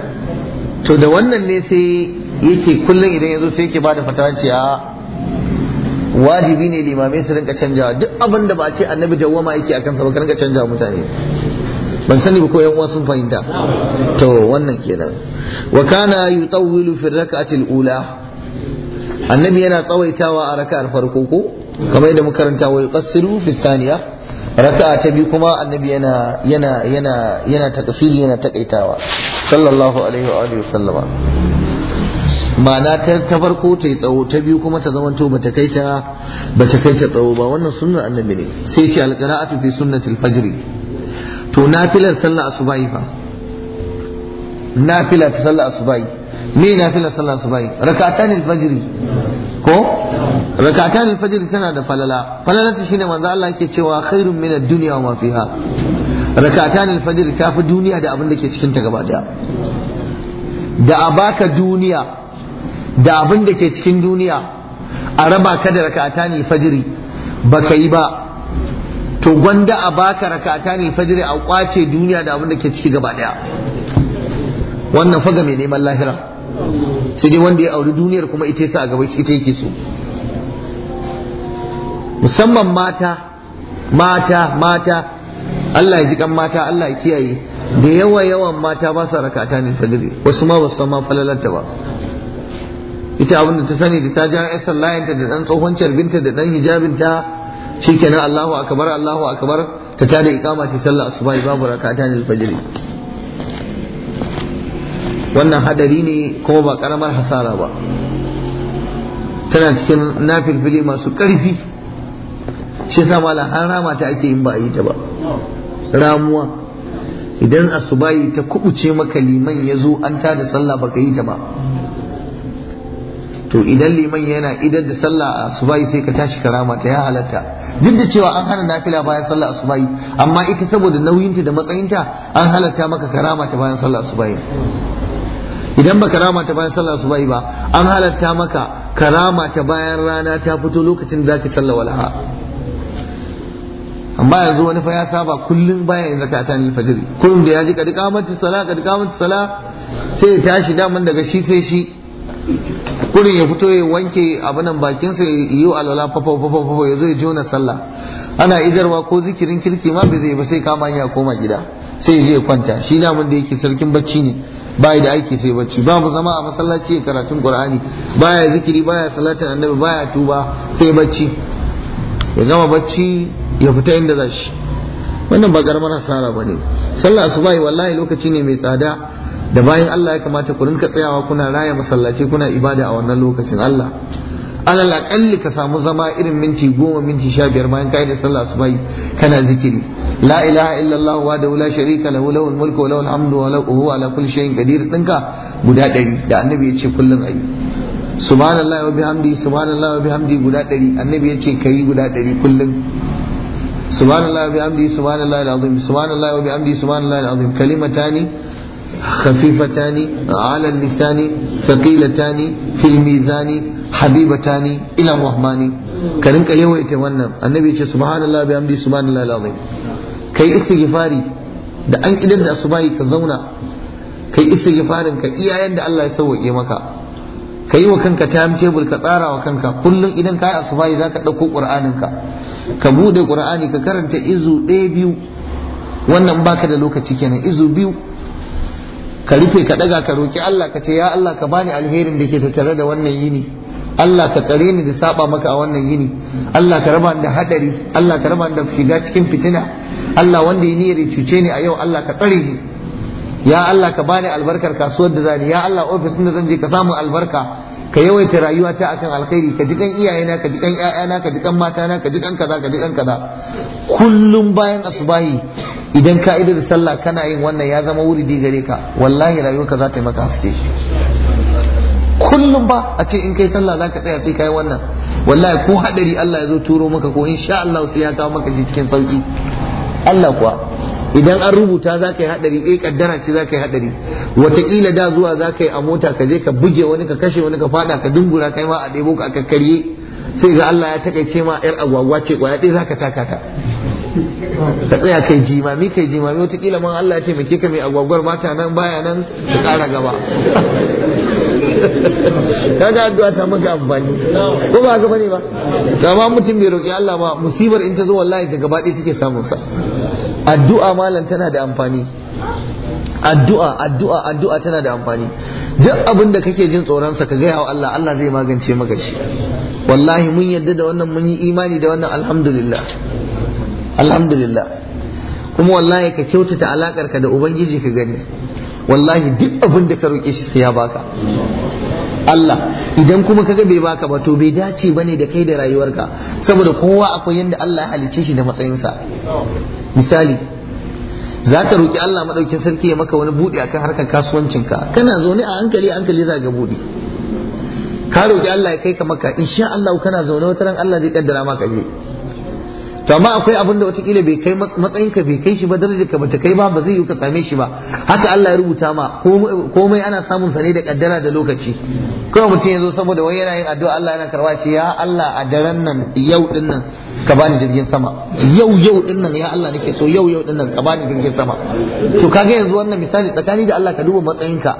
to da wannan ne sai yake kullum idan ya zo sai yake bada fatawa ce wajibi ne limamai su rinka canjawa duk abinda da ba ce annabi dawwama yake akan sa ba ka rinka canjawa mutane ban sani ba ko yan uwa sun fahimta to wannan kenan wa kana yutawwilu fi rak'ati al-ula annabi yana tsawaitawa a raka'ar farko ko kamar yadda muka karanta wa yuqassiru fi thaniya raka'a ta biyu kuma annabi yana yana yana yana takasiri yana takaitawa sallallahu alaihi wa alihi sallama ma'ana ta ta farko ta yi tsawo ta biyu kuma ta zamanto bata kai ta bata kai ta tsawo ba wannan sunnar annabi ne sai ce alqira'atu fi sunnatil fajr to nafilar sallah asubahi fa nafila ta sallah asubahi me nafilar sallah asubahi rakatan fajiri. ko rakatan fajiri tana da falala falala ta shine manzo Allah yake cewa khairun min ad-dunya wa ma fiha rakatan fajiri ta fi duniya da abin da ke cikin ta gaba daya da a baka duniya da abin da ke cikin duniya a raba ka da rakatan alfajri baka yi ba to gwanda a baka rakata ne fajiri a kwace duniya da abin ke ciki gaba daya wannan faga mai neman lahira sai dai wanda ya auri duniyar kuma ita yasa a gaba ita yake so musamman mata mata mata Allah ya ji kan mata Allah ya kiyaye da yawa yawan mata ba sa rakata ne fajiri wasu ma ba su san ma falalarta ba ita abin ta sani da ta ja 'yan sallayanta da dan tsohon carbinta da dan hijabinta shikenan Allahu akbar Allahu akbar ta tada iqama ce sallar asuba babu rakata ne fajr wannan hadari ne kuma ba karamar hasara ba tana cikin nafilfili masu karfi shi sa mala an rama ta ake yin ba a yi ta ba ramuwa idan asubayi ta kubuce maka liman ya zo an tada sallah baka yi ta ba to idan liman yana idar da sallah a subayi sai ka tashi karama ta ya halatta duk da cewa an hana nafila bayan sallah a subayi, amma ita saboda nauyinta da matsayinta an halatta maka karama ta bayan sallah a subayi. idan ba karama ta bayan sallah a subayi ba an halatta maka karama ta bayan rana ta fito lokacin da zaki sallah walaha amma yanzu wani fa ya saba kullum baya yin rakatan fajiri kullum da ya ji kad qamatu salah kad sai ya tashi daman daga shi sai shi kurin ya fito ya wanke abinan bakinsa ya yi alwala fafa fafa fafa ya zo ya jona sallah ana idarwa ko zikirin kirki ma bai zai ba sai kama ya koma gida sai ya je ya kwanta shi namun da yake sarkin bacci ne ba da aiki sai bacci ba mu zama a masallaci ya karatun qur'ani baya zikiri baya salatin annabi baya tuba sai bacci ya gama bacci ya fita inda za shi wannan ba karamar asara ba ne sallah asubahi wallahi lokaci ne mai tsada da bayan Allah ya kamata ku rinka tsayawa kuna raya masallaci kuna ibada a wannan lokacin Allah alal akalli ka samu zama irin minti goma minti sha biyar bayan kai da sallah asubai kana zikiri la ilaha illallah wa la sharika lahu lahul mulku wa lahul hamdu wa lahu ala kulli shay'in qadir dinka guda ɗari da annabi ya ce kullum ayi subhanallahi wa bihamdi subhanallahi wa bihamdi guda ɗari annabi ya ce kai guda ɗari kullum subhanallahi wa bihamdi subhanallahi alazim subhanallahi wa bihamdi subhanallahi alazim kalimatani خفيفتان على اللسان ثقيلتان في الميزان حبيبتان الى الرحمن كرن كان يويت wannan annabi yace subhanallahi bihamdi subhanallahi alazim kai istighfari da an idan da subahi ka zauna kai istighfarin ka iyayen da Allah ya sauke maka kai wa kanka time table ka tsara wa kanka kullum idan kai asubahi zaka dauko qur'anin ka ka bude qur'ani ka karanta izu ɗaya biyu wannan baka da lokaci kenan izu biyu ka rufe ka daga ka roki Allah ka ce ya Allah ka bani alherin da ke tattare da wannan yini Allah ka tsare ni da saba maka a wannan yini Allah ka raba ni da hadari Allah ka raba ni da shiga cikin fitina Allah wanda ya niyyar cuce ni a yau Allah ka tsare ni ya Allah ka bani albarkar kasuwar da zani ya Allah ofis da zan je ka samu albarka ka yawaita rayuwa ta akan alkhairi ka ji kan iyayena ka ji kan ƴaƴana ka ji kan matana ka ji kan kaza ka ji kan kaza kullum bayan asubahi idan ka idar sallah kana yin wannan ya zama wuridi gare ka wallahi rayuwarka za ta yi maka haske kullum ba a ce in kai sallah za ka tsaya sai yi wannan wallahi ko hadari Allah ya zo turo maka ko insha Allah sai ya kawo maka shi cikin sauki Allah kuwa idan an rubuta za ka yi hadari eh kaddara ce za ka yi hadari wataƙila da zuwa za ka yi a mota ka je ka buge wani ka kashe wani ka fada ka dungura kai ma a ɗebo ka a kakkarye sai ga Allah ya takaice ma yar agwagwa ce kwaya ɗaya za ka taka ta ka tsaya kai jimami kai jimami wataƙila man Allah ya taimake ka mai agwagwar bata nan baya nan ta ƙara gaba ga addu'a ta maka amfani ko ba gaba ne ba to amma mutum bai roƙi Allah ba musibar in ta zo wallahi da gaba ɗaya take samun sa addu'a malam tana da amfani addu'a addu'a addu'a tana da amfani duk abin da kake jin tsoron sa ka gaya wa Allah Allah zai magance maka shi wallahi mun yarda da wannan mun yi imani da wannan alhamdulillah alhamdulillah kuma wallahi ka kyautata alakar ka da ubangiji ka gani wallahi duk abin da ka roƙe shi sai ya baka Allah idan kuma kaga bai baka ba to bai dace bane da kai da rayuwarka saboda kowa akwai yanda Allah ya halicce shi da matsayinsa misali za ka roƙi Allah maɗaukin sarki ya maka wani buɗe akan harkar ka kana zaune a hankali hankali za ga buɗe ka roƙi Allah ya kai ka maka insha Allah kana zaune wata ran Allah zai kaddara maka je to amma akwai abin da watakila bai kai matsayinka bai kai shi ba darajarka ka ta kai ba ba zai yi ka same shi ba haka Allah ya rubuta ma komai ana samun sa ne da kaddara da lokaci Kuma mutum ya zo saboda wani yana yin addu'a Allah yana karwa ce ya Allah a daren nan yau din nan ka bani jirgin sama yau yau din nan ya Allah nake so yau yau din nan ka bani jirgin sama to kaga yanzu wannan misali tsakani da Allah ka duba matsayinka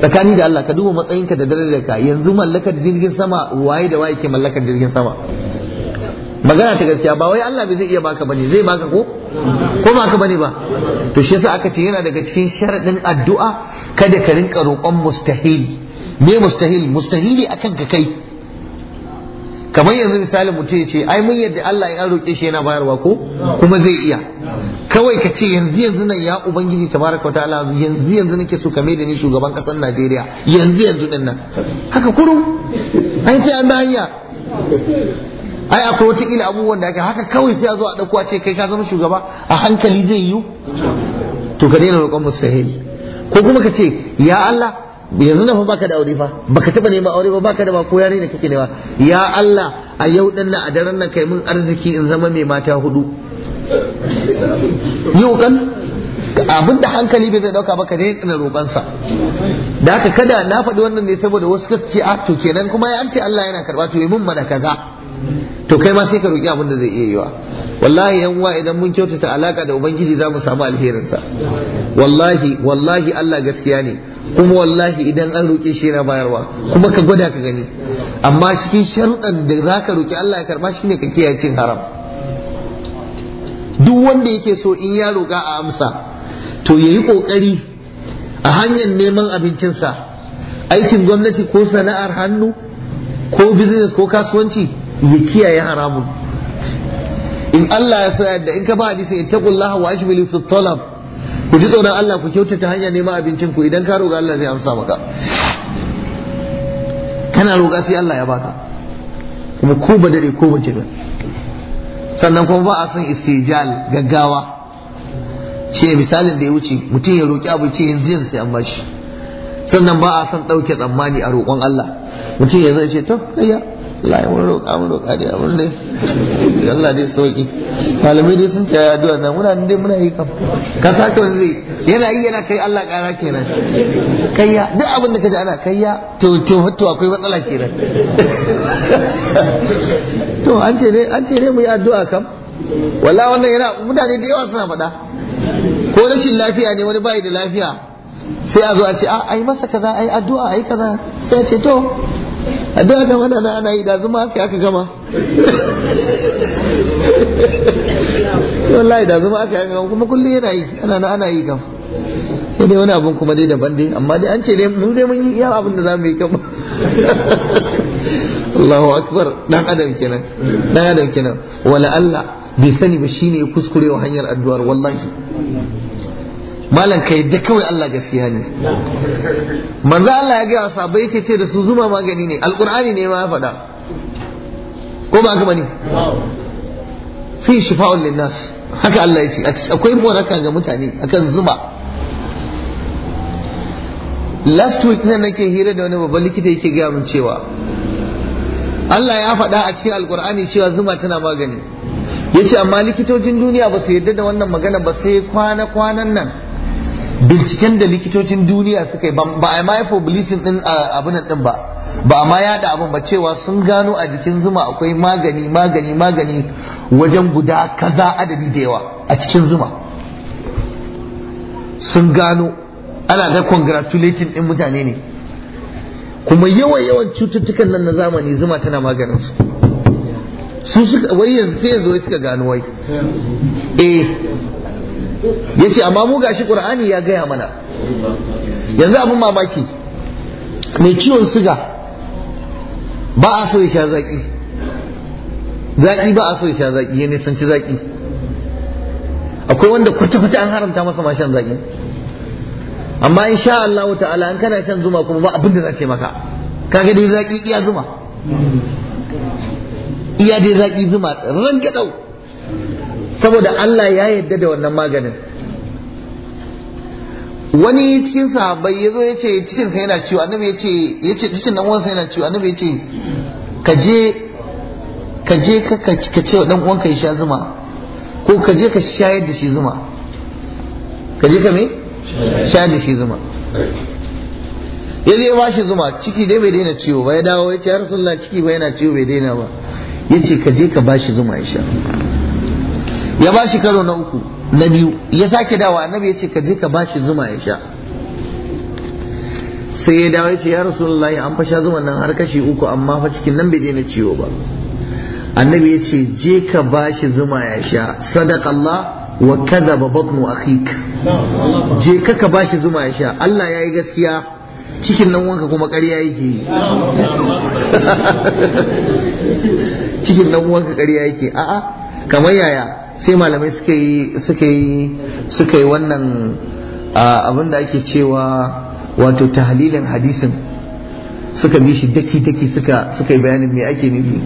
tsakani da Allah ka duba matsayinka da darajarka yanzu mallakar jirgin sama waye da waye ke mallakar jirgin sama magana ta gaskiya ba wai Allah bai zai iya baka bane zai baka ko ko baka bane ba to shi yasa aka ce yana daga cikin sharadin addu'a kada ka rinka roƙon mustahil me mustahil mustahili akan ka kai kamar yanzu misali mutum ya ce ai mun yadda Allah ya roƙe shi yana bayarwa ko kuma zai iya kawai ka ce yanzu yanzu nan ya ubangiji tabaraka wa ta'ala yanzu yanzu nake so ka da ni shugaban kasar Najeriya yanzu yanzu din nan haka kurum an sai an da hanya ai akwai wata kila abubuwan da aka haka kawai sai a zo a dauko a ce kai ka zama shugaba a hankali zai yiwu to ka daina roƙon mustahili ko kuma ka ce ya Allah yanzu na fa baka da aure fa baka taba neman aure ba baka da ba ko yare da kake nema ya Allah a yau din nan a daren nan kai mun arziki in zama mai mata hudu yau kan abin da hankali bai zai dauka ba ka daina roƙon sa da haka kada na faɗi wannan ne saboda wasu kasu ce a ah, to kenan kuma ya ce Allah yana karɓa to yi mun mana kaza to kai ma sai ka roki abin da zai iya yiwa wallahi yan wa idan mun kyautata alaka da ubangiji za mu samu alherinsa wallahi wallahi Allah gaskiya ne kuma wallahi idan an roƙe shi yana bayarwa kuma ka gwada ka gani amma cikin sharuɗan da za ka roƙi Allah ya shi shine ka kiyaye cin haram duk wanda yake so in ya roƙa a amsa to ya yi ƙoƙari a hanyar neman abincinsa aikin gwamnati ko sana'ar hannu ko business ko kasuwanci ya kiyaye haramun in Allah ya sayar da in ka ba hadisi ittaqullaha wa ashbilu fi talab ku ji tsoron Allah ku kyautata hanya neman abincin ku idan ka roƙa Allah zai amsa maka kana roƙa sai Allah ya baka kuma ko ba dare ko ba jira sannan kuma ba a san istijal gaggawa shi ne misalin da ya wuce mutum ya roƙi abinci yanzu yanzu sai an bashi sannan ba a son ɗauke tsammani a roƙon Allah mutum ya zai ce to ayya Allah ya roƙa mu roƙa dai abun dai Allah dai sauki malamai dai sun tsaya addu'a na muna nan dai muna yi kam ka saka zai yana yi yana kai Allah ƙara kenan kayya duk abin da kaji ana kayya to to to akwai matsala kenan to an ce ne an ce ne mu yi addu'a kam wala wannan yana mutane da yawa suna faɗa ko rashin lafiya ne wani bai da lafiya sai a zo a ce a ah, ai masa kaza ai addu'a ai kaza sai ce to a da haka mana na ana yi da zuma sai aka gama wallahi da zuma aka gama kuma kullum yana yi ana na ana yi kam sai dai wani abun kuma dai daban dai amma dai an ce dai mun dai mun yi abin da zamu yi kam Allahu akbar dan adam kenan dan adam kenan wala Allah bai sani ba shine ya kuskure wa hanyar addu'ar wallahi malam ka yadda kawai Allah gaskiya ne manzo Allah ya ga sabai ce da su zuma magani ne alqur'ani ne ma ya faɗa ko ba gaba ne fi shifa'un linnas haka Allah ya ce akwai waraka ga mutane akan zuma last week ne nake hira da wani babban likita yake gaya min cewa Allah ya faɗa a cikin alqur'ani cewa zuma tana magani yace amma likitocin duniya ba su yarda da wannan magana ba sai kwana-kwanan nan binciken da likitocin duniya suka yi ba a mai publishing din abin din ba ba a ma yada abin ba cewa sun gano a jikin zuma akwai magani magani magani wajen guda kaza adadi da yawa a cikin zuma sun gano ana ga congratulating din mutane ne kuma yawan yawan cututtukan nan na zamani zuma tana maganin su su suka wai yanzu sai yanzu wai suka gano wai eh yace amma mu gashi qur'ani ya gaya mana yanzu abin mamaki mai ciwon siga ba a so ya sha zaki zaki ba a so ya sha zaki ya nisanci zaki akwai wanda kwata-kwata an haramta masa ma shan zaki amma in sha Allah ta'ala an kana shan zuma kuma ba abin da za ce maka kaga dai zaki iya zuma iya dai zaki zuma ran saboda Allah ya yarda da wannan maganin wani cikin sahabbai ya zo ya ce cikin sa yana ciwo annabi ya ce ya ce cikin dan uwansa yana ciwo annabi ya ce ka je ka je ka ka ce dan uwanka ya sha zuma ko ka je ka shayar da shi zuma ka je ka me shayar da shi zuma ya je ba shi zuma ciki dai bai daina ciwo ba ya dawo ya ce ya rasulullah ciki ba yana ciwo bai daina ba ya ce ka je ka ba shi zuma ya sha ya ba shi karo na uku na biyu ya sake dawa annabi ya ce ka je ka ba shi zuma ya sha sai ya dawo ya ce ya rasulullahi an fasha zuman nan har kashi uku amma fa cikin nan bai daina ciwo ba annabi ya ce je ka ba shi zuma ya sha sadaqallah wa kadaba batnu akhik je ka ka ba shi zuma ya sha Allah yayi gaskiya cikin nan wanka kuma ƙarya yake cikin nan wanka ƙarya yake a'a kamar yaya sai malamai suka yi suka yi suka yi wannan abin da ake cewa wato tahlilin hadisin suka bi shi daki daki suka suka yi bayanin me ake nufi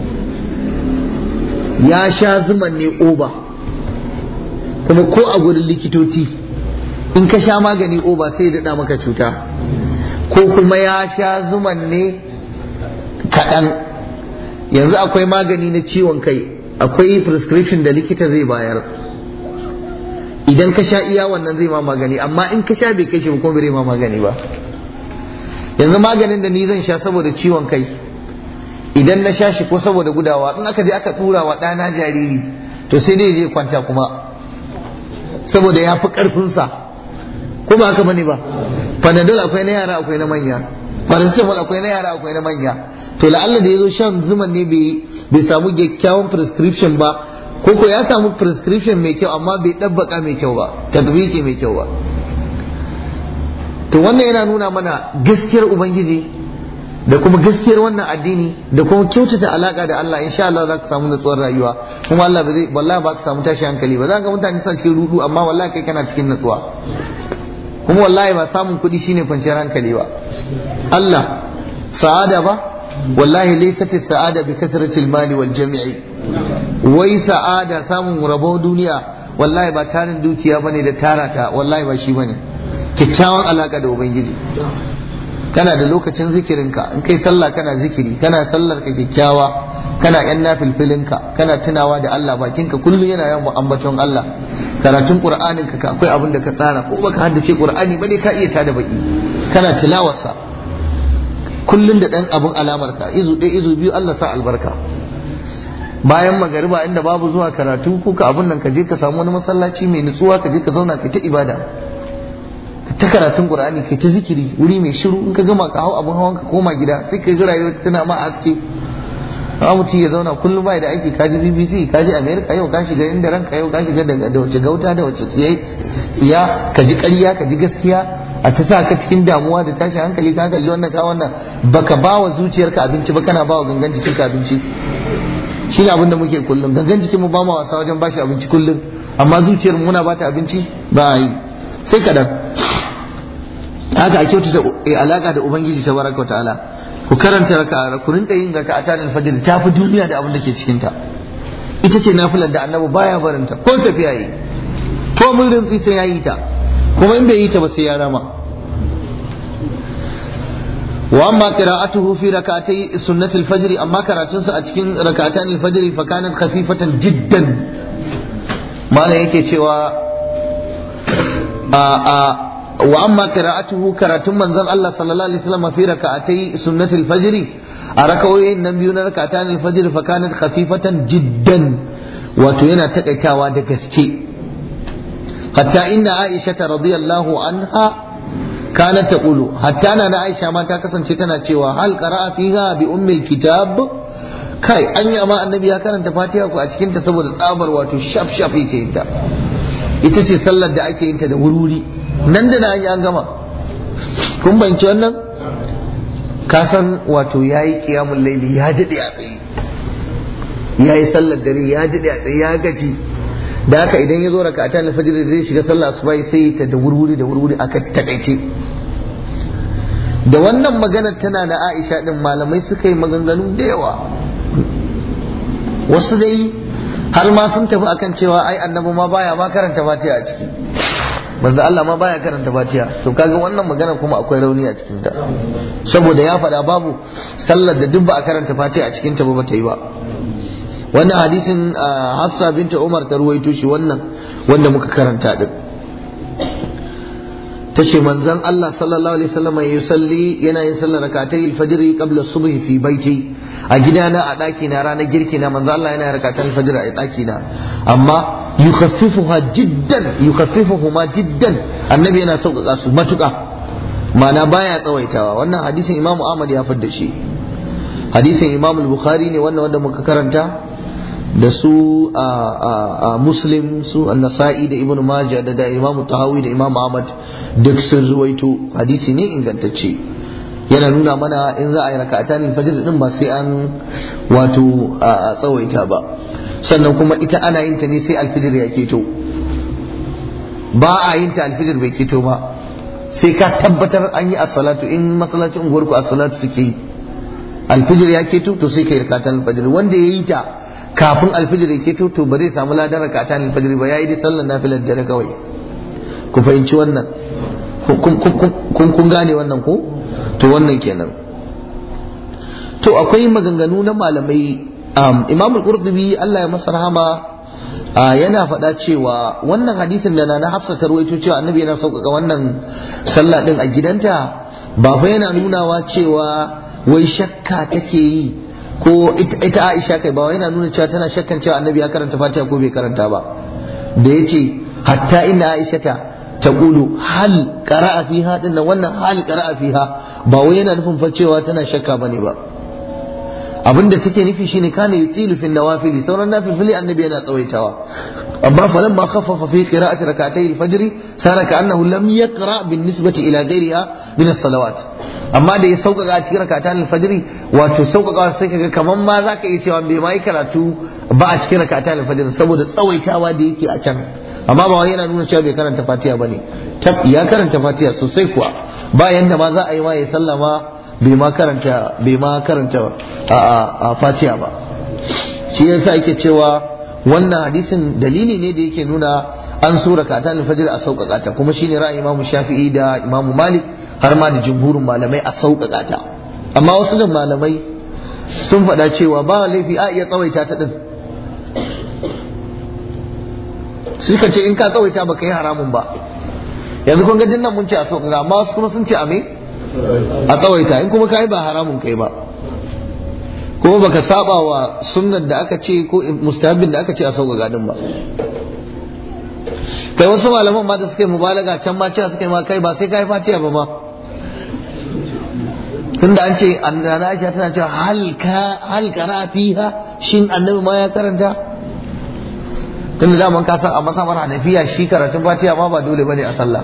ya sha zuman ne oba kuma ko a gurin likitoci in ka sha magani oba sai daɗa maka cuta ko kuma ya sha zuman ne kaɗan yanzu akwai magani na ciwon kai akwai prescription da likita zai bayar idan ka sha iya wannan zai ma magani amma in ka sha bai kai shi ba kuma bai ma magani ba yanzu maganin da ni zan sha saboda ciwon kai idan na sha shi ko saboda gudawa in aka je aka dura wa ɗana jariri to sai dai je kwanta kuma saboda ya fi ƙarfinsa ko ba haka bane ba panadol akwai na yara akwai na manya paracetamol akwai na yara akwai na manya to la'alla da ya zo shan zuman ne bai samu kyakkyawan prescription ba koko ya samu prescription mai kyau amma bai ɗabbaka mai kyau ba tatbiki mai kyau ba to wannan yana nuna mana gaskiyar ubangiji da kuma gaskiyar wannan addini da kuma kyautata alaka da Allah insha Allah za ka samu natsuwar rayuwa kuma Allah ba zai wallahi ba ka samu tashi hankali ba za ka mutane suna cikin rudu amma wallahi kai kana cikin natsuwa kuma wallahi ba samun kuɗi shine kwanciyar hankali ba Allah sa'ada ba wallahi laysat sa'ada bi kasrati al wal jami'i wai sa'ada samun rabo duniya wallahi ba tarin dukiya bane da tarata wallahi ba shi bane kyakkyawan alaka da ubangiji kana da lokacin zikirinka in kai sallah kana zikiri kana sallar ka kyakkyawa kana yan nafilfilinka kana tunawa da Allah bakinka kullum yana yawan ambaton Allah karatun qur'anin ka akwai abin da ka tsara ko baka haddace qur'ani ba ne ka iya tada baki kana tilawarsa kullum da dan abun alamar ka izu ɗaya izu biyu Allah sa albarka bayan magariba inda babu zuwa karatu ko ka abun nan ka je ka samu wani masallaci mai nutsuwa ka je ka zauna ka ta ibada ta karatun qur'ani kai ta zikiri wuri mai shiru in ka gama ka hau abin hawan ka koma gida sai ka ji yau tana ma aske amma mutum ya zauna kullum bai da aiki kaji bbc kaji america yau ka shiga inda ranka yau ka shiga da wace gauta da wace tsiya ka ji ƙarya ka ji gaskiya a ta sa ka cikin damuwa da tashi hankali ka kalli wannan ka wannan baka ba wa zuciyarka abinci ba kana ba wa gangan jikinka abinci shi ne abin da muke kullum gangan jikin mu ba mu wasa wajen bashi abinci kullum amma zuciyar muna ba ta abinci ba yi sai kaɗan haka a kyautata eh, alaka da ubangiji tabaraka wa ta'ala ku karanta raka ku rinka yin raka a tanin fajr ta fi duniya da abin da ke cikin ta ita ce nafilar da annabi baya barin ta ko tafiya yi ko mun rintsi sai ya yi ta kuma in bai yi ta ba sai ya rama wa amma qira'atuhu fi rak'atay sunnat al-fajr amma karatun sa a cikin rak'atan al-fajr fa kanat khafifatan jiddan malai yake cewa a a wa amma qira'atuhu karatun manzon Allah sallallahu alaihi wasallam fi raka'atai sunnatul fajr a rakawoyin nan biyu na raka'atan al-fajr fa kanat khafifatan jiddan wato yana takaitawa da gaske hatta inna Aisha radiyallahu anha kanat taqulu hatta na Aisha ma ta kasance tana cewa hal qara'a fiha bi ummil kitab kai anya ma annabi ya karanta Fatiha ko a cikinta saboda tsabar wato shaf shaf yake ita ita ce sallar da ake yinta da wurwuri nan da na yi an gama kun banci wannan ka san wato ya yi kiyamun laili ya daɗe a tsaye ya yi sallar dare ya daɗe a tsaye ya gaji da haka idan ya zo raka a tanar fajir da zai shiga sallah asuba sai ta da wurwuri da wurwuri aka takaice da wannan maganar tana da aisha ɗin malamai suka yi maganganu da yawa wasu dai har ma sun tafi akan cewa ai annabi ma baya ma karanta fatiha a ciki manzo Allah ma baya karanta fatiha to kaga wannan magana kuma akwai rauni a cikin ta saboda ya faɗa babu sallar da duk ba a karanta fatiha a cikin ta ba ta yi ba wannan hadisin ah, Hafsa binta Umar ta ruwaito shi wannan wanda muka karanta din Tashe manzon Allah sallallahu alaihi ya yusalli yana yin sallar rakatai al-fajr qabla subhi fi baiti a gidana a daki ranar girkina na manzon Allah yana rakatai al a daki na amma yukhaffifuha jiddan yukhaffifuhuma jiddan annabi yana sauƙaƙa su matuƙa ma'ana baya tsawaitawa wannan hadisin Imam Ahmad ya fadda shi hadisin Imam Bukhari ne wannan wanda muka karanta da su a muslim su nasa'i da ibnu majah da da imamu tahawi da imam ahmad duk sun ruwaito hadisi ne ingantacce yana nuna mana in za a yi raka'atan fajr din ba sai an wato a tsawaita ba sannan kuma ita ana yin ta ne sai alfijir ya keto ba a yin ta alfijir bai keto ba sai ka tabbatar an yi as-salatu in masallacin unguwarku as-salatu suke yi alfijir ya keto to sai ka yi raka'atan alfajr wanda ya ta kafin alfijir ke tutu ba zai samu ladan rakata ne ba yayi dai sallar nafilar dare kawai ku fahimci wannan kun kun gane wannan ko to wannan kenan to akwai maganganu na malamai imamul qurtubi Allah ya masa rahama yana faɗa cewa wannan hadisin da na Hafsa ta ruwaito cewa Annabi yana sauƙaƙa wannan sallah din a gidanta ba fa yana nunawa cewa wai shakka take yi ko ita Aisha kai ba yana nuna cewa tana shakkan cewa annabi ya karanta Fatiha ko bai karanta ba da yace hatta inna Aisha ta taqulu hal qara'a fiha dinnan wannan hal qara'a fiha ba wai yana nufin fa cewa tana shakka bane ba abinda take nufi shine kana yutilu fi nawafili sauran nafili annabi yana tsawaitawa amma falan ma khaffafa fi qira'ati rak'atay al-fajr sara ka annahu lam yaqra bin nisbati ila ghayriha min as-salawat amma da ya sauƙaƙa a cikin rak'atan al-fajr wato sauƙaƙa sai kaga kaman ma zaka iya cewa bai mai karatu ba a cikin rak'atan al-fajr saboda tsawaitawa da yake a can amma ba yana nuna cewa bai karanta fatiha bane tab ya karanta fatiha sosai kuwa ba yanda ma za a yi wa ya sallama bai ma karanta karanta a Fatiya ba shi yasa yake cewa wannan hadisin dalili ne da yake nuna an so rakata alfajir a sauƙaƙa ta kuma shine ra'ayi imamu shafi'i da imamu malik har ma da jumhurin malamai a sauƙaƙa ta amma wasu da malamai sun faɗa cewa ba laifi a iya tsawaita ta ɗin suka ce in ka tsawaita baka yi haramun ba yanzu kun ga dinnan mun ce a sauƙaƙa amma wasu kuma sun ce a me a tsawaita in kuma kai ba haramun kai ba kuma baka saba wa sunnan da aka ce ko mustahabin da aka ce a sauƙaƙa din ba kai wasu malaman ma da suka yi mubalaga can ma cewa suka yi ma kai ba sai kai fatiya ba ma tunda an ce an Aisha tana cewa halka halka rafiha shin annabi ma ya karanta tunda daman ka san a masamar hanafiya shi karatun fatiha ma ba dole bane a sallah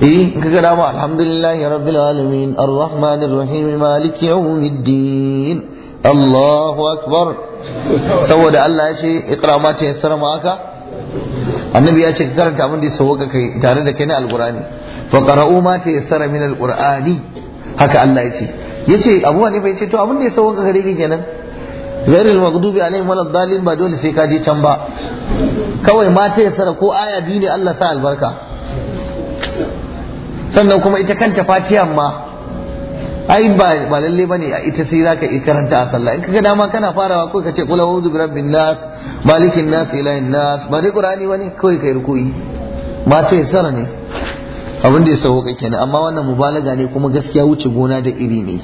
eh in ka ga dama alhamdulillahi rabbil alamin arrahmanir rahim maliki yawmiddin Allahu akbar saboda Allah ya ce iqra ma ta yassara maka annabi ya ce ka karanta abin da ya ga kai tare da kai na alqur'ani fa qara'u ma ta yassara min alqur'ani haka Allah ya ce yace abuwa ne bai ce to abin da ya sauka gare ki kenan ghairil maghdubi alaihim waladdallin ba dole sai ka je can ba kawai mata ya sara ko aya biyu ne Allah sa albarka sannan kuma ita kanta fatiha ma ai ba ba lalle bane ita sai zaka yi karanta a sallah in kaga dama kana farawa ko ka ce qul a'udhu birabbin nas malikin nas ilahin nas ba dai qur'ani bane kawai kai rukui, mata ya sara ne abin da ya sauka kenan amma wannan mubalaga ne kuma gaskiya wuce gona da iri ne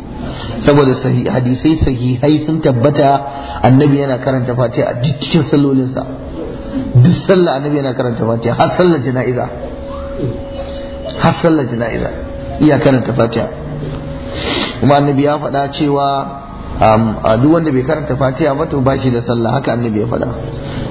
saboda hadisai sahihai sun tabbata annabi yana karanta fatiha a dukkan cikin sa duk sallah annabi yana karanta fatiha har sallar jana'iza har sallar jana'iza iya karanta fatiha kuma annabi ya faɗa cewa a duk wanda bai karanta fatiha ba to ba shi da sallah haka annabi ya faɗa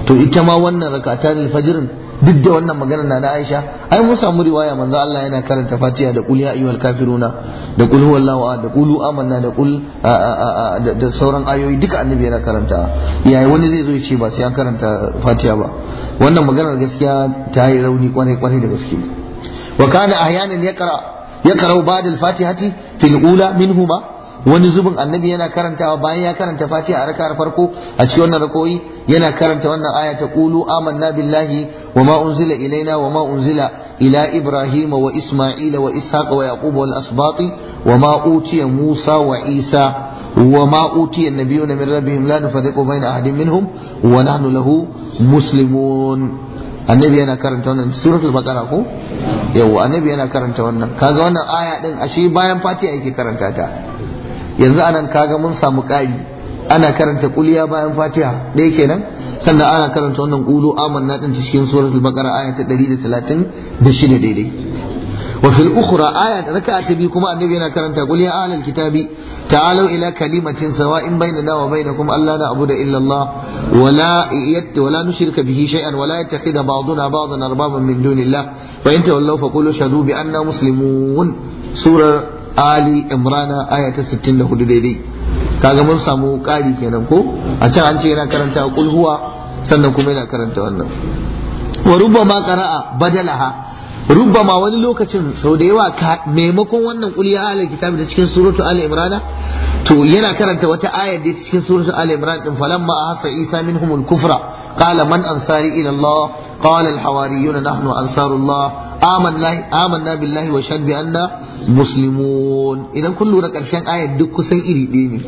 to ita ma wannan rakatan alfajirin duk da wannan maganar na Aisha ai mun samu riwaya manzo Allah yana karanta Fatiha da kul ya ayyuhal kafiruna da kul huwallahu ahad da kulu amanna da qul da sauran ayoyi duka annabi yana karanta yayi wani zai zo ya ce ba sai an karanta Fatiha ba wannan maganar gaskiya ta yi rauni kwarai kwarai da gaske wa kana ahyanan yaqra yaqra ba'da al-fatihati fil ula minhuma wani zubin annabi yana karantawa bayan ya karanta fatiha a raka'ar farko a cikin wannan rakoyi yana karanta wannan aya ta qulu amanna billahi wa ma unzila ilaina wa ma unzila ila ibrahim wa isma'ila wa ishaq wa yaqub wal asbati wa ma utiya musa wa isa wa ma utiya nabiyuna min rabbihim la nufarriqu baina ahadin minhum wa nahnu lahu muslimun annabi yana karanta wannan suratul baqara ko yawa annabi yana karanta wannan kaga wannan aya din ashe bayan fatiha yake karanta ta yanzu anan kaga mun samu kari ana karanta kuliya bayan fatiha ɗaya kenan sannan ana karanta wannan kulu amanna din cikin suratul baqara aya ta shida daidai wa fil ukhra aya raka'a ta biyu kuma annabi yana karanta qul ya ahlal kitabi ta'alu ila kalimatin sawa'in bainana wa bainakum alla na'budu illa Allah wa la yat wa la nushrika bihi shay'an wa la yattakhidha ba'duna ba'dan arbaban min dunillah wa in tawallaw faqulu shahadu bi anna muslimun surar ali imrana aya ta 64 daidai kaga mun samu ƙari kenan ko a can an ce yana karanta kul huwa sannan kuma yana karanta wannan wa rubbama qara'a badalaha rubbama wani lokacin sau da yawa maimakon wannan kul ya ala kitabi da cikin suratu ali imrana to yana karanta wata ayar da cikin suratu al-imran din falamma ahsa isa minhum al-kufra qala man ansari ila allah qala al-hawariyuna nahnu ansarullah amanna amanna billahi wa shahid bi anna muslimun idan kun lura karshen ayar duk kusan iri ɗaya ne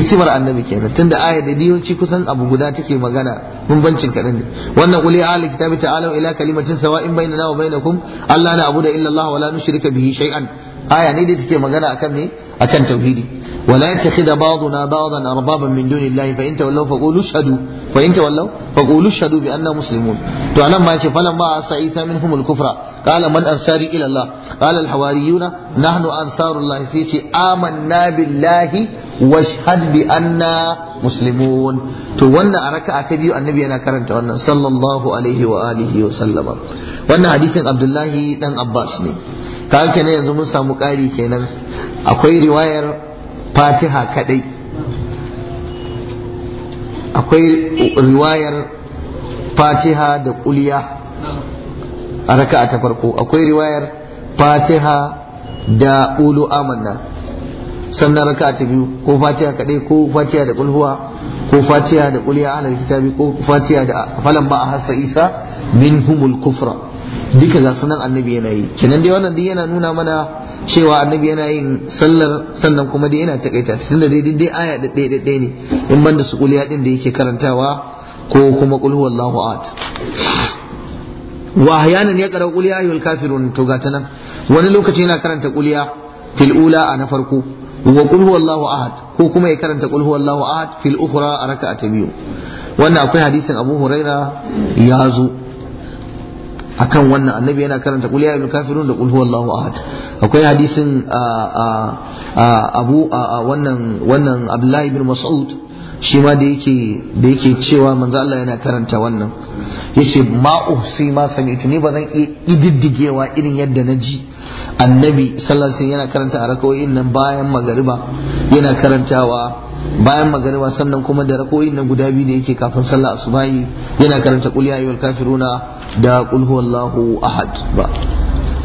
hikimar annabi kenan tunda ayar da yawanci kusan abu guda take magana bambancin kaɗan ne wannan quli ya kitabi ta'alu ila kalimatin sawa'in bainana wa bainakum alla abuda illa allah wa la nushrika bihi shay'an aya ne da take magana akan ne akan tauhidi ولا يتخذ بعضنا بعضا اربابا من دون الله فان تولوا فقولوا اشهدوا فان تولوا فقولوا اشهدوا باننا مسلمون تو انا ما يجي فلما عصى عيسى منهم الكفر قال من انصاري الى الله قال الحواريون نحن انصار الله سيتي آمنا بالله واشهد باننا مسلمون تو wannan a raka'a ta biyu annabi yana karanta wannan sallallahu alaihi wa alihi wa sallama wannan hadisin Abdullahi dan Abbas ne kaga kenan yanzu mun samu ƙari kenan akwai riwayar fatiha kadai akwai riwayar fatiha da kuliya a raka ta farko akwai riwayar fatiha da ulu amanna sannan raka ta biyu ko fatiha kadai ko fatiha da kulhuwa ko fatiha da kuliya halar kitabi ko fatiha da falan ba a hasa isa min humul kufra duka ga sunan annabi yana yi kenan dai wannan duk yana nuna mana cewa annabi yana yin sallar sannan kuma dai yana takaita da dai dai aya da ɗaya ɗaya ne in ban su sukuli din da yake karantawa ko kuma qul huwallahu ahad wa ahyanan ya qara qul ya ayyuhal kafirun to ga nan wani lokaci yana karanta kuliya fil ula a na farko wa qul huwallahu ahad ko kuma ya karanta qul huwallahu ahad fil ukhra a raka'a ta biyu wannan akwai hadisin Abu Huraira ya zo akan wannan annabi yana karanta qul ya kafirun da qul huwallahu ahad akwai hadisin abu wannan wannan abdullahi bin mas'ud shi ma da yake da yake cewa manzo Allah yana karanta wannan yace ma uhsi ma sami'tu ni ba zan iya ididdigewa irin yadda na ji annabi sallallahu alaihi yana karanta a rakawoyin nan bayan magariba yana karantawa bayan magariba sannan kuma da rakoyin nan guda biyu da yake kafin sallah asubahi yana karanta qul ya ayyuhal kafiruna da qul huwallahu ahad ba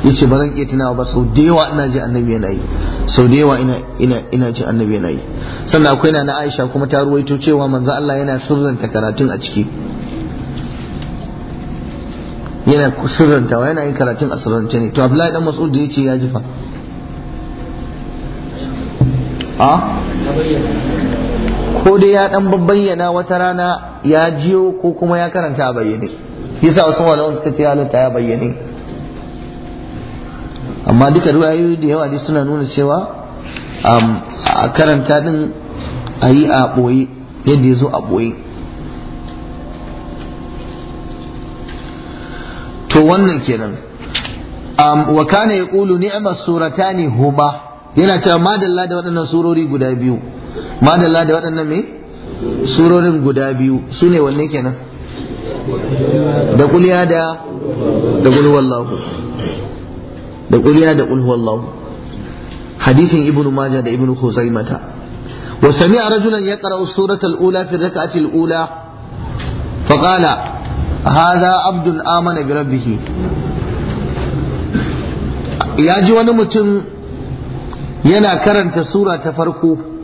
yace ba zan iya tunawa ba sau da yawa ina ji annabi yana yi sau da yawa ina ina ina ji annabi yana yi sannan akwai na Aisha kuma ta ruwaito cewa manzo Allah yana sirranta karatun a ciki yana sirrantawa yana yin karatun a sirrance ne to Abdullahi dan Mas'ud da yace ya ji fa a ah? ko dai ya dan bayyana wata rana ya jiyo ko kuma ya karanta a bayyane yasa wasu malaman suka ce halatta ya bayyane amma duka ruwayoyi da yawa dai suna nuna cewa um, a karanta din a a ɓoye yadda ya zo a ɓoye to wannan kenan um, wa kana yaqulu ni'ma suratani huma yana cewa madalla da waɗannan surori guda biyu madalla da waɗannan me surorin guda biyu su ne wanne kenan da kuliya da da kulhuwallahu da kuliya da kulhuwallahu hadisin ibnu majah da ibnu khuzaimata wa sami'a rajulan yaqra'u suratal ula fi rak'atil ula faqala hadha abdul amana bi rabbih ya ji wani mutum yana karanta sura ta farko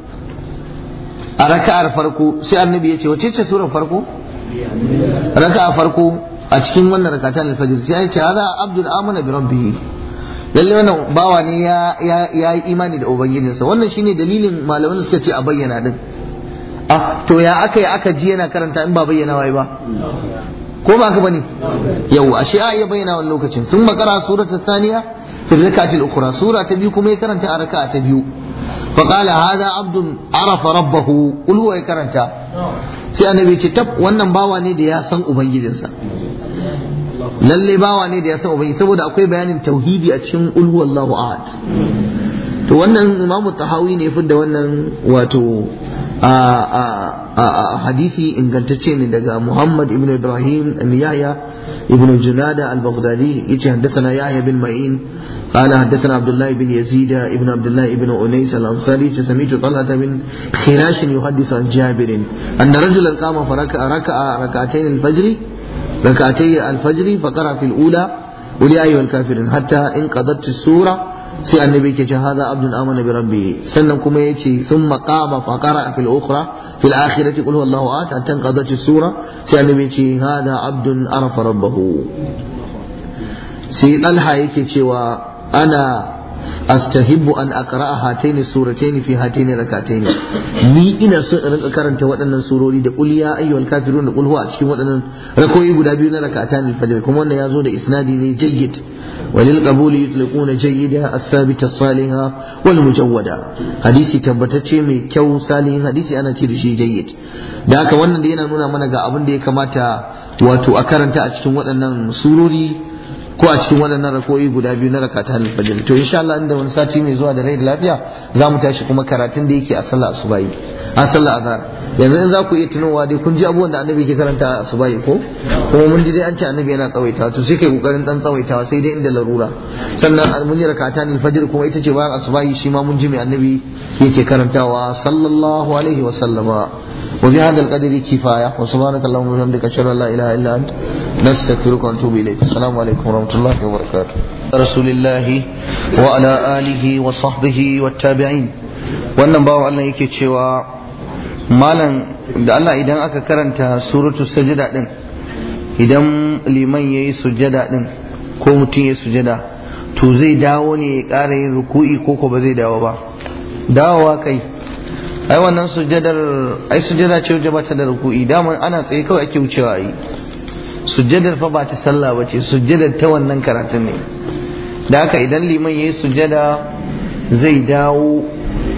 a raka'ar farko sai annabi ya ce wace ce surar farko raka'a farko a cikin wannan rakatan alfajir sai ya ce hada abdul amana bi rabbih lalle wannan bawa ne ya ya yi imani da ubangijinsa wannan shine dalilin malaman suka ce a bayyana din ah to ya aka yi aka ji yana karanta in ba bayyana wai ba ko ba ka bane yau ashe a iya bayyana wani lokacin sun makara sura ta saniya fi rakatil ukra sura ta biyu kuma ya karanta a raka'a ta biyu fa qala hadha abdun arafa rabbahu qul huwa ya karanta sai annabi ce tab wannan bawa ne da ya san ubangijinsa lalle bawa ne da ya san ubangi. saboda akwai bayanin tauhidi a cikin qul huwallahu ahad to wannan imamu tahawi ne fi da wannan wato a hadisi ingantacce ne daga Muhammad ibn Ibrahim Yahya ibn Junada al-Baghdadi yace haddathana Yahya bin Ma'in qala haddathana Abdullah ibn Yazid ibn Abdullah ibn Unais al-Ansari yace sami'tu Talha bin Khirash yuhaddithu an Jabir anna rajulan qama faraka raka'a rak'atayn al-fajr rak'atay al-fajr fa qara fi al-ula قل يا أيها الكافرون حتى إن قضت السورة sai annabi yake ce hadha abdun amana bi rabbi sannan kuma yace summa qama fa qara'a fil ukhra fil akhirati qul huwallahu ahad sura sai annabi yace hadha abdun arafa rabbahu sai dalha yake cewa ana astahibbu an aqra'a hataini surataini fi hataini rakatayn ni ina so in rinka karanta waɗannan surori da qul ya ayyuhal kafirun da qul huwa cikin waɗannan rakoyi guda biyu na rakatani fajr kuma wannan ya zo da isnadi ne jayyid walil qabuli yutliquna jayyida as-sabita as-saliha wal mujawwada hadisi tabbatacce mai kyau salihin hadisi ana ce da shi jayyid da haka wannan da yana nuna mana ga abin da ya kamata wato a karanta a cikin waɗannan surori ko a cikin wannan rakoyi guda biyu na rakata alfajir to insha Allah inda wani sati mai zuwa da rai da lafiya za mu tashi kuma karatun da yake a sallah asubahi a sallah azhar yanzu in za ku iya tunowa dai kun ji abubuwan da annabi ke karanta a asubahi ko kuma mun ji dai an ce annabi yana tsawaitawa to sai kai kokarin dan tsawaitawa sai dai inda larura sannan mun yi rakata alfajir kuma ita ce bayan asubahi shi ma mun ji mai annabi yake karantawa sallallahu alaihi wa sallama kifaya wa subhanaka allahumma wa bihamdika ashhadu an la ilaha illa anta نستغفرك ونتوب اليك السلام عليكم ورحمه الله وبركاته رسول الله وعلى اله وصحبه والتابعين wannan bawa Allah yake cewa malam da Allah idan aka karanta suratul sajda din idan liman yayi sujada din ko mutum yayi sujada to zai dawo ne ya ƙara yin ruku'i ko ko ba zai dawo ba dawowa kai ai wannan sujadar ai sujada ce wajaba ta da ruku'i dama ana tsaye kawai ake wucewa yi sujjadar fa ba ta sallah ba ce sujjadar ta wannan karatun ne da haka idan liman ya yi sujjada zai dawo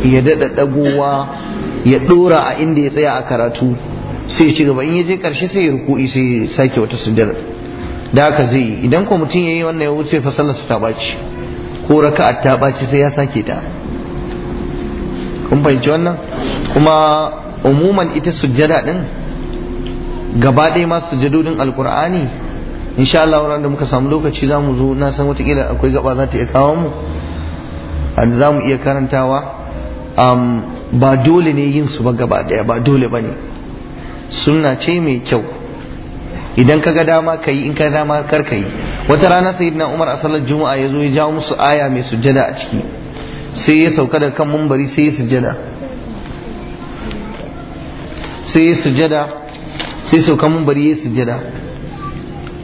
ya daɗa ɗagowa ya ɗora a inda ya tsaya a karatu sai ci gaba in ya je ƙarshe sai ya ruku'i sai ya sake wata sujjadar da haka zai idan ko mutum ya yi wannan ya wuce fa sallar ta ɓaci ko raka'a ta ɓaci sai ya sake ta kun fahimci wannan kuma umuman ita sujjada ɗin. gaba ɗaya masu sujadodin alkur'ani insha Allah wanda da muka samu lokaci za mu zo na san watakila akwai gaba za ta iya kawo mu za mu iya karantawa ba dole ne yin su ba gaba ɗaya ba dole ba ne suna ce mai kyau idan ka ga dama ka yi in ka dama kar ka yi wata rana sayyidina umar a salar juma'a ya zo ya jawo musu aya mai sujjada a ciki sai ya sauka da kan mumbari sai ya sujjada sai ya sujjada sai sauka mun bari yayi sujjada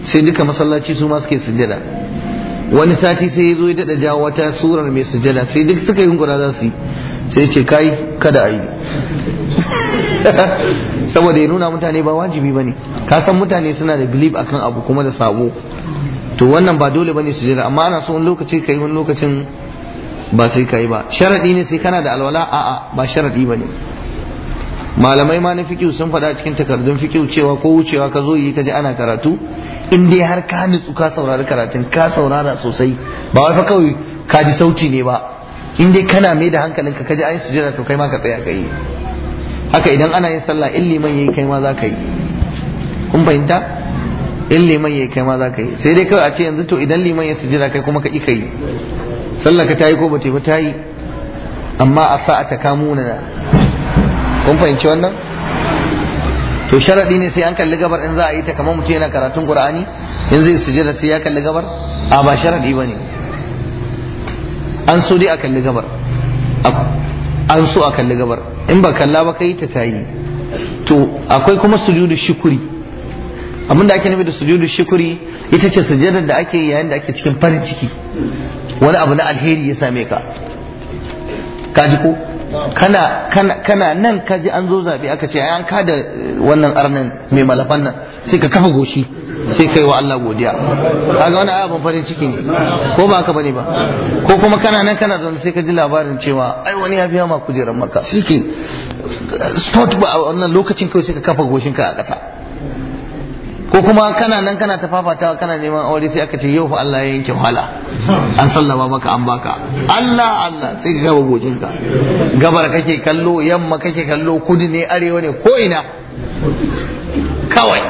sai duka masallaci su ma suke sujjada wani sati sai ya zo ya dada jawo wata surar mai sujjada sai duk suka yi hunkura za su yi sai ce kai kada a yi saboda ya nuna mutane ba wajibi ba ne ka san mutane suna da belief akan abu kuma da sabo to wannan ba dole ba su jira amma ana so wani lokaci yi wani lokacin ba sai ka yi ba sharadi ne sai kana da alwala a'a ba sharadi ne. malamai ma na fikiyu sun faɗa cikin takardun fikiyu cewa ko wucewa ka zo yi ka ji ana karatu in dai har ka nutsu ka saurari karatun ka saurara sosai ba wai fa kawai ka ji sauti ne ba in dai kana mai da hankalinka ka ji ayin sujada to kai ma ka tsaya ka yi haka idan ana yin sallah in liman yayi kai ma za ka yi kun fahimta in liman yayi kai ma za ka yi sai dai kawai a ce yanzu to idan liman ya sujada kai kuma ka yi ka yi sallah ka ta yi ko ba ta yi ba ta yi amma a sa'a ta kamuna kun fahimci wannan to sharadi ne sai an kalli gabar in za a yi ta kamar mutum yana karatun qur'ani in zai sujada sai ya kalli gabar a ba sharadi bane an so dai a kalli gabar an so a kalli gabar in ba kalla ba kai ta tayi to akwai kuma sujudu shukuri abinda ake nufi da sujudu shukuri ita ce sujadar da ake yayin da ake cikin farin ciki wani abu na alheri ya same ka ka ji ko kana kana kana nan ka ji an zo zabi aka ce an da eh, wannan arnin mai malafan nan sai ka kafa goshi sai kai wa Allah godiya kaga wani ban farin ciki ne ko ba haka bane ba ko kuma kana nan kana zaune sai ka ji labarin cewa ai wani ya biya ma kujerar maka shike eh, sport ba a wannan lokacin kai sai ka kafa goshin ka a ƙasa ko kuma kana nan kana ta fafatawa kana neman aure sai aka ce yau fa Allah ya yanke wahala an sallama maka an baka Allah Allah sai ka gaba gojinka gabar kake kallo yamma kake kallo kudu ne arewa ne ko ina kawai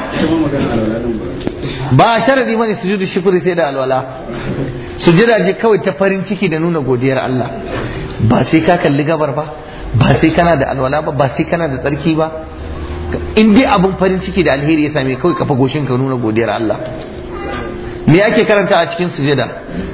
ba sharadi bane sujudu shukri sai da alwala sujuda ji kawai ta farin ciki da nuna godiyar Allah ba sai ka kalli gabar ba ba sai kana da alwala ba ba sai kana da tsarki ba in dai abun farin ciki da alheri ya same kawai kafa goshin ka nuna godiyar Allah me ake karanta a cikin sujada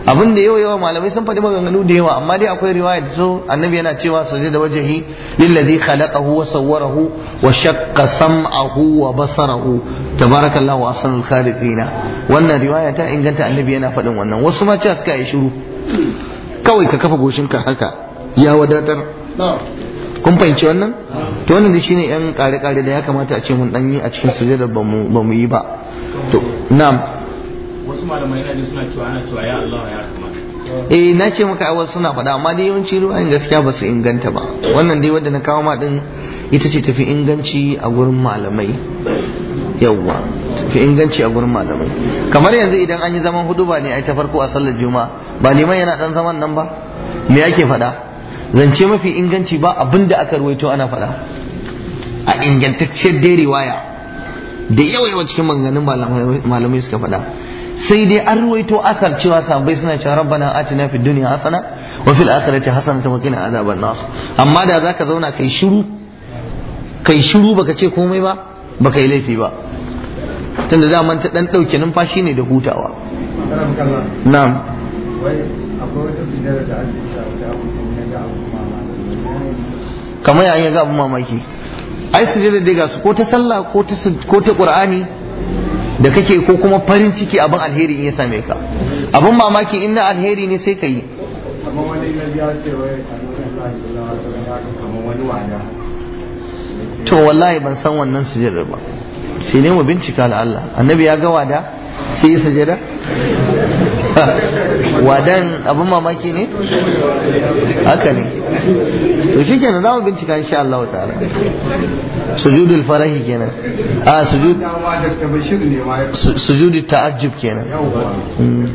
abin da yawa yawa malamai sun faɗi maganganu da yawa amma dai akwai riwaya da so annabi yana cewa sujada wajhi lillazi khalaqahu wa sawwarahu wa shaqqa sam'ahu wa basarahu tabarakallahu ahsanul khaliqina wannan riwaya ta inganta annabi yana faɗin wannan wasu ma cewa suka yi shiru kawai ka kafa ka haka ya wadatar kun fahimci wannan to wannan dai shine yan kare kare da ya kamata a ce mun dan yi a cikin sujada ba mu ba mu yi ba to na'am wasu malamai na suna cewa ana cewa ya Allah ya kamata eh na ce maka ai suna faɗa amma dai yawanci ruwayin gaskiya ba su inganta ba wannan dai wanda na kawo ma din ita ce tafi inganci a gurin malamai yawwa tafi inganci a gurin malamai kamar yanzu idan an yi zaman hudu ba ne ai ta farko a sallar juma'a ba liman yana dan zaman nan ba me yake faɗa zance mafi inganci ba abinda aka ruwaito ana faɗa a ingantacciyar dai riwaya da yawa yawa cikin manganin malamai suka faɗa sai dai an ruwaito akal cewa sahabbai suna cewa rabbana atina fid dunya hasana wa fil akhirati hasanatan wa qina adhaban nar amma da zaka zauna kai shiru kai shiru baka ce komai ba baka yi laifi ba tunda da man ta dan dauke numfashi ne da hutawa na'am wai akwai wata da kamar ya yi ga mamaki ai sujada dai ga su ko ta sallah ko ta qur'ani da kake ko kuma farin ciki abin alheri in ya same ka abin mamaki in na alheri ne sai ka yi to wallahi ban san wannan sujada ba sai ne mu bincika Allah annabi ya ga wada sai ya sujada wadan abin mamaki ne haka ne to shi kenan za mu bincika insha Allah ta'ala sujudul farahi kenan a sujud sujudul ta'ajjub kenan hmm.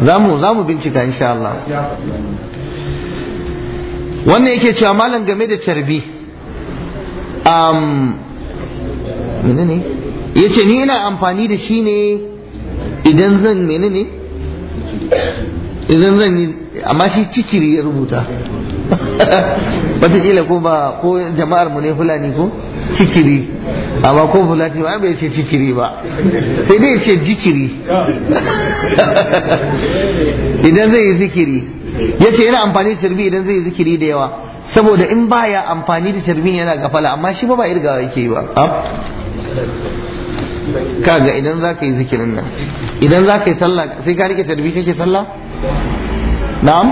zamu zamu bincika insha Allah wannan yake cewa malam game da tarbi um menene yace ni ina amfani da shi ne idan zan menene idan zan yi amma shi cikiri ya rubuta wataƙila ko ba ko jama'ar mu ne fulani ko cikiri amma ko fulani ba bai ce cikiri ba sai dai ce jikiri idan zai yi zikiri ya ce yana amfani da tarbi idan zai yi zikiri da yawa saboda in baya amfani da tarbi yana gafala amma shi ba ba irga yake yi ba kaga idan za ka yi zikirin nan idan za ka yi sallah sai ka rike tarbi kake sallah na'am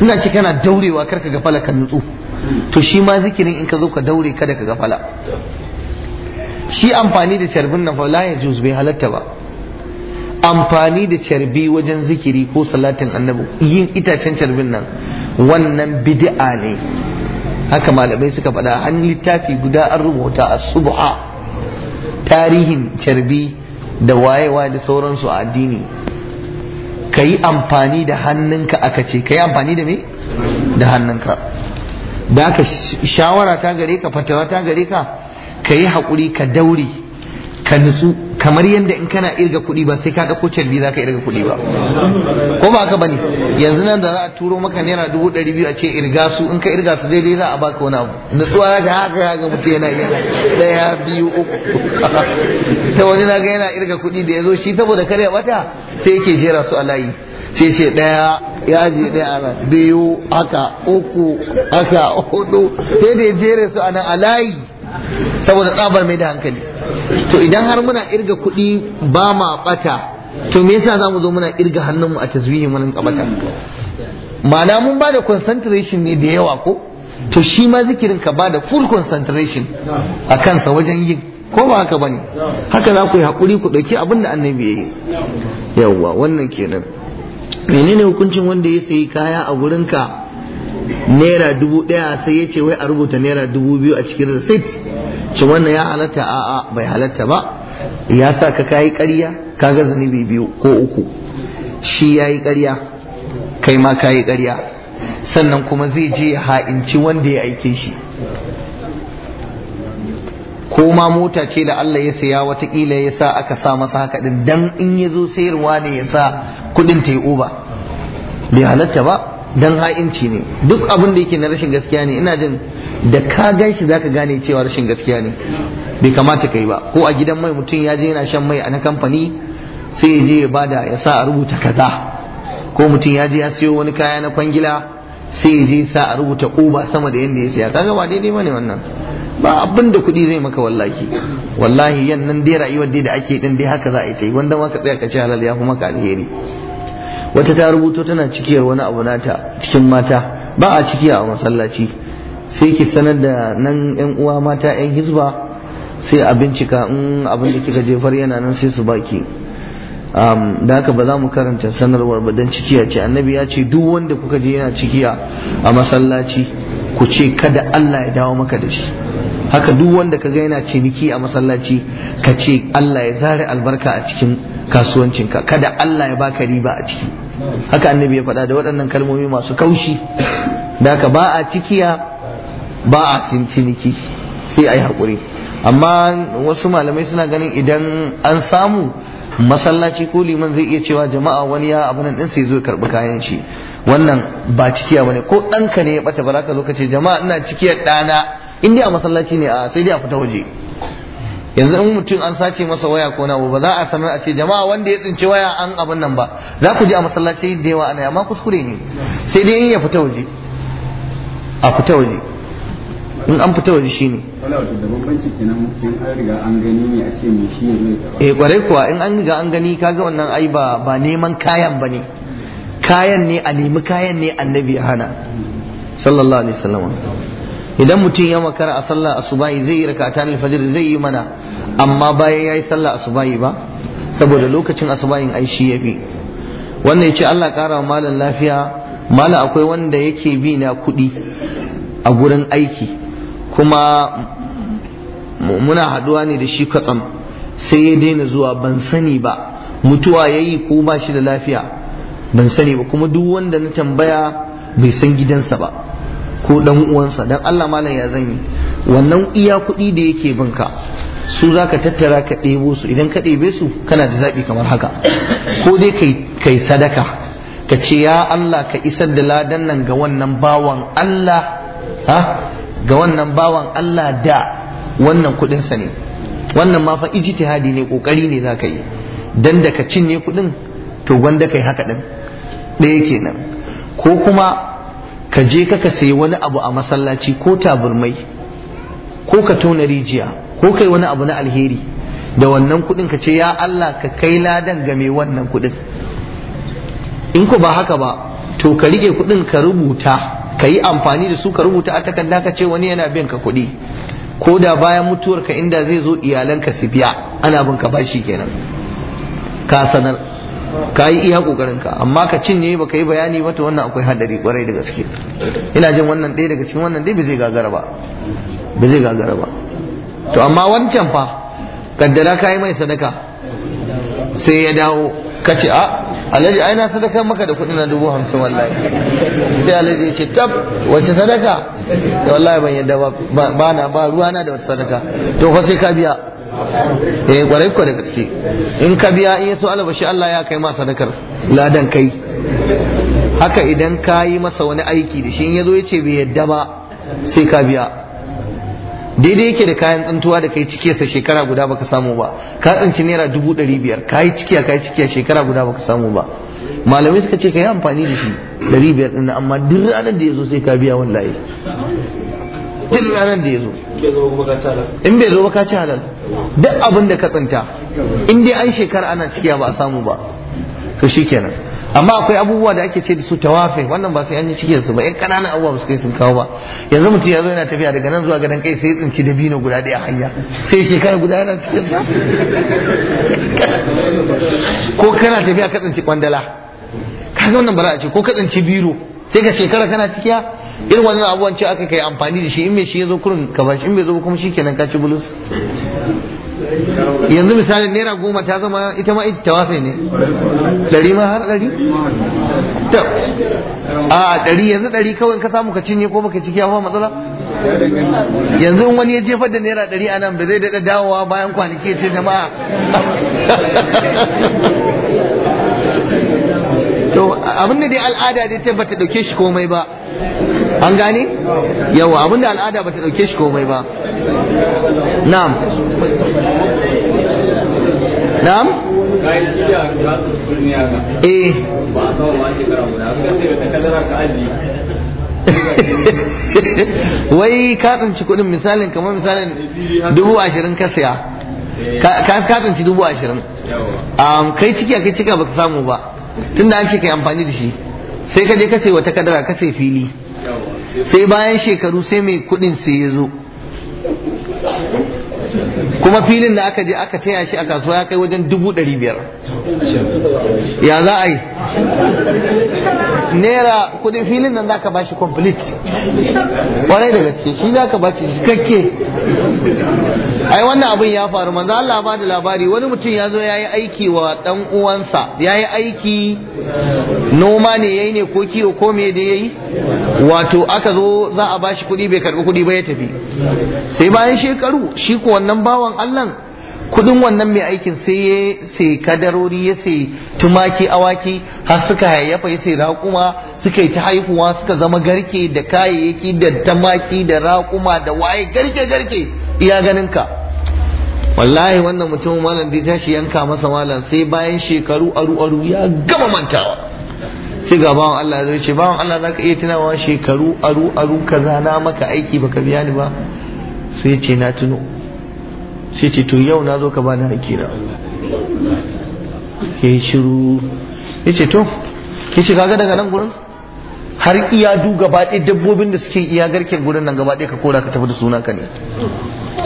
ina ce kana daurewa karka ga fala ka nutsu to shi ma zikirin in ka zo ka daure kada ka ga fala shi amfani da carbin na fala ya juz bai halatta ba amfani da carbi wajen zikiri ko salatin annabi yin itacen carbin nan wannan bid'a ne haka malamai suka faɗa an littafi guda an rubuta a subha tarihin carbi da wayewa da sauransu a addini ka yi amfani da hannunka aka ce ka yi amfani da me da hannunka da aka shawara ta gare ka fatawa ta gare ka ka yi haƙuri ka daure ka nutsu kamar yadda in kana irga kuɗi ba sai ka ɗauko carbi za ka irga kuɗi ba ko ba haka bane yanzu nan da za a turo maka naira dubu ɗari biyu a ce irga su in ka irga su daidai za a baka wani abu nutsuwa za ka haka ya ga mutum yana yana ɗaya biyu uku ta wani na ga yana irga kuɗi da ya zo shi saboda kare wata sai yake jera su a layi sai ce ɗaya ya je ɗaya ana biyu haka uku haka hudu sai da ya jere su a nan a layi saboda tsabar mai da hankali to idan har muna irga kuɗi ba ma ɓata, to me yasa za mu zo muna irga hannunmu a tazwihi mun kabata Mana mun ba da concentration ne da yawa ko to shi ma zikirin ka ba da full concentration a kansa wajen yin ko ba haka bane haka za ku yi hakuri ku ɗauki abin da annabi ya yi yawwa wannan kenan menene hukuncin wanda ya sayi kaya a gurinka naira dubu ɗaya sai ya ce wai a rubuta naira dubu biyu a cikin receipt ce wannan ya halatta a'a bai halatta ba ya sa ka kayi karya ka ga zunubi biyu ko uku shi ya yi ƙarya kai ma ka yi ƙarya sannan kuma zai je ya ha'inci wanda ya aike shi ko ma mota ce da Allah ya saya watakila ya sa aka sa masa haka din dan in ya zo sayarwa ne ya sa kuɗin ta yi uba bai halatta ba dan ha'inci ne duk abin da yake na rashin gaskiya ne ina jin da ka gan shi zaka gane cewa rashin gaskiya ne bai kamata kai ba ko a gidan mai mutum ya je yana shan mai a na kamfani sai ya je ya bada ya sa a rubuta kaza ko mutum ya je ya siyo wani kaya na kwangila sai ya je sa a rubuta uba sama da yadda ya siya kaga ba daidai bane wannan ba abin da kuɗi zai maka wallahi wallahi yan nan dai rayuwar dai da ake din dai haka za a yi ta yi wanda ma ka tsaya ka ci halal ya fi maka alheri wata ta rubuto tana cikiyar wani abu nata cikin mata ba a cikiya a masallaci sai ki sanar da nan yan uwa mata yan hizba sai a bincika in abin da kika jefar yana nan sai su baki da haka ba za mu karanta sanarwar ba don cikiya ce annabi ya ce duk wanda kuka je yana cikiya a masallaci ku ce kada Allah ya dawo maka da shi haka duk wanda ka ga yana ciniki a masallaci ka ce Allah ya zare albarka a cikin kasuwancinka kada Allah ya baka riba a ciki haka annabi ya fada da waɗannan kalmomi masu kaushi da haka ba a cikiya ba a ciniki sai a yi haƙuri amma wasu malamai suna ganin idan an samu masallaci ko liman zai iya cewa jama'a wani ya abu nan sai zo karɓi kayan shi wannan ba cikiya bane ko ɗanka ne ya ɓata ba za ka zo ka ce jama'a ina cikiyar ɗana in a masallaci ne a sai dai a fita waje yanzu in mutum an sace masa waya ko na ba za a sanar a ce jama'a wanda ya tsinci waya an abin nan ba za ku ji a masallaci da yawa ana amma kuskure ne sai dai in ya fita waje a fita waje in an fita waje shine eh kwarai kuwa in an riga an gani kaga wannan ai ba ba neman kayan bane kayan ne a nemi kayan ne annabi hana sallallahu alaihi wasallam idan mutum ya makara a sallah asubahi zai yi raka rakatan alfajir zai yi mana amma bayan ya yayi sallah asubahi ba saboda lokacin asubahin ai shi yafi wannan ce Allah kara wa malam lafiya malam akwai wanda yake bi na kuɗi a gurin aiki kuma muna haduwa ne da shi katsam sai ya daina zuwa ban sani ba mutuwa yayi ko ba shi da lafiya ban sani ba kuma duk wanda na tambaya bai san gidansa ba ko dan uwansa dan Allah malam ya zan yi wannan iya kuɗi da yake binka su zaka tattara ka ɗebo su idan ka ɗebe su kana da zaɓi kamar haka ko dai kai sadaka ka ce ya Allah ka isar da ladan nan ga wannan bawan Allah ha ga wannan bawan Allah da wannan kuɗinsa ne wannan ma fa ijtihadi ne kokari ne zaka yi dan da ka cinye kuɗin to gwanda kai haka din ɗaya kenan ko kuma ka je ka sayi wani abu a masallaci ko taburmai ko ka tona rijiya ko kai wani abu na alheri da wannan kuɗin ka ce ya Allah ka kai ladan ga mai wannan kuɗin in ku ba haka ba to ka rike kuɗin ka rubuta ka yi amfani da su ka rubuta a takarda ka ce wani yana bin ka kuɗi ko da bayan mutuwar ka inda zai zo iyalanka su biya ana bin ka bashi kenan ka sanar ka yi iya kokarin ka amma ka cinye ba ka yi bayani ba to wannan akwai hadari kwarai da gaske ina jin wannan ɗaya daga cikin wannan dai ba zai gagara ba ba zai gagara ba to amma wancan fa kaddara ka yi mai sadaka sai ya dawo ka ce a alhaji ai na sadaka maka da kuɗi na dubu hamsin wallahi sai alhaji ya ce tab wace sadaka to wallahi ban yadda ba ba na ba ruwana da wata sadaka to fa sai ka biya eh kwarai ko da gaske in ka biya in yaso albashi Allah ya kai ma sadakar ladan kai haka idan ka yi masa wani aiki da shi in yazo yace bai yadda ba sai ka biya daidai yake da kayan tsantuwa da kai cike sa shekara guda baka samu ba ka tsanci naira dubu ɗari biyar ka yi cikiya ka yi cikiya shekara guda baka samu ba malamai suka ce ka yi amfani da shi ɗari biyar ɗin amma duk ranar da ya zo sai ka biya wallahi duk ranar da ya zo in bai zo ba ka ci halal duk abin da ka tsinta in dai an shekara ana cikiya ba a samu ba to shikenan amma akwai abubuwa da ake ce da su tawafin wannan ba sai an yi cikin su ba yan kananan abubuwa su kai sun kawo ba yanzu mutum ya zo yana tafiya daga nan zuwa gadon kai sai ya tsinci da bino guda ɗaya hanya sai shekara guda yana cikin sa ko kana tafiya ka tsinci kwandala kaga wannan ba za a ce ko ka tsinci biro sai ka shekara kana cikiya irin wannan abubuwan ce aka kai amfani da shi in mai shi ya zo kurin ka bashi in bai zo kuma shi kenan ka ci bulus yanzu misali naira goma ta zama ita ma ita tawafe ne ɗari ma har ɗari a ɗari yanzu ɗari kawai ka samu ka cinye ko baka ciki ba matsala yanzu in wani ya jefar da naira ɗari a nan ba zai daɗa dawowa bayan kwanaki ce jama'a to abinda dai al'ada dai ta bata dauke shi komai ba an gane yawa abinda al'ada bata dauke shi komai ba na'am na'am eh wai ka tsinci kudin misalin kamar misalin dubu ashirin ka siya ka tsinci dubu ashirin kai ciki kai cika baka samu ba tunda an ce kai amfani da shi sai ka je ka sai wata kadara ka sai fili sai bayan shekaru sai mai kudin sai ya zo kuma filin da aka je aka taya shi a kasuwa ya kai wajen dubu ɗari biyar ya za a yi naira kudin filin nan za ba bashi complete kwarai da gaske shi za zaka bashi cikakke ai wannan abin ya faru manzo Allah ba da labari wani mutum ya zo ya yi aiki wa dan uwansa ya yi aiki noma ne yayi ne ko kiwo ko me da ya yi wato aka zo za a bashi kudi bai karbi kudi ba ya tafi sai bayan shekaru shi kuwa. wannan bawan Allah kudin wannan mai aikin sai ya sai kadarori ya sai tumaki awaki har suka hayyafa ya sai raƙuma suka yi ta haihuwa suka zama garke da kayayyaki da tamaki da raƙuma da waye garke garke iya ganinka. ka wallahi wannan mutum malam da tashi yanka masa malam sai bayan shekaru aru aru ya gama mantawa sai ga bawan Allah zai ce bawan Allah zaka iya tunawa shekaru aru aru kaza na maka aiki baka biya ni ba sai ce na tuno sai ce to yau na zo ka bani ya ke shiru ya ce to ke ce kaga daga nan gurin har iya du gaba ɗaya dabbobin da suke iya garken gurin nan gaba ɗaya ka kora ka tafi da suna ka ne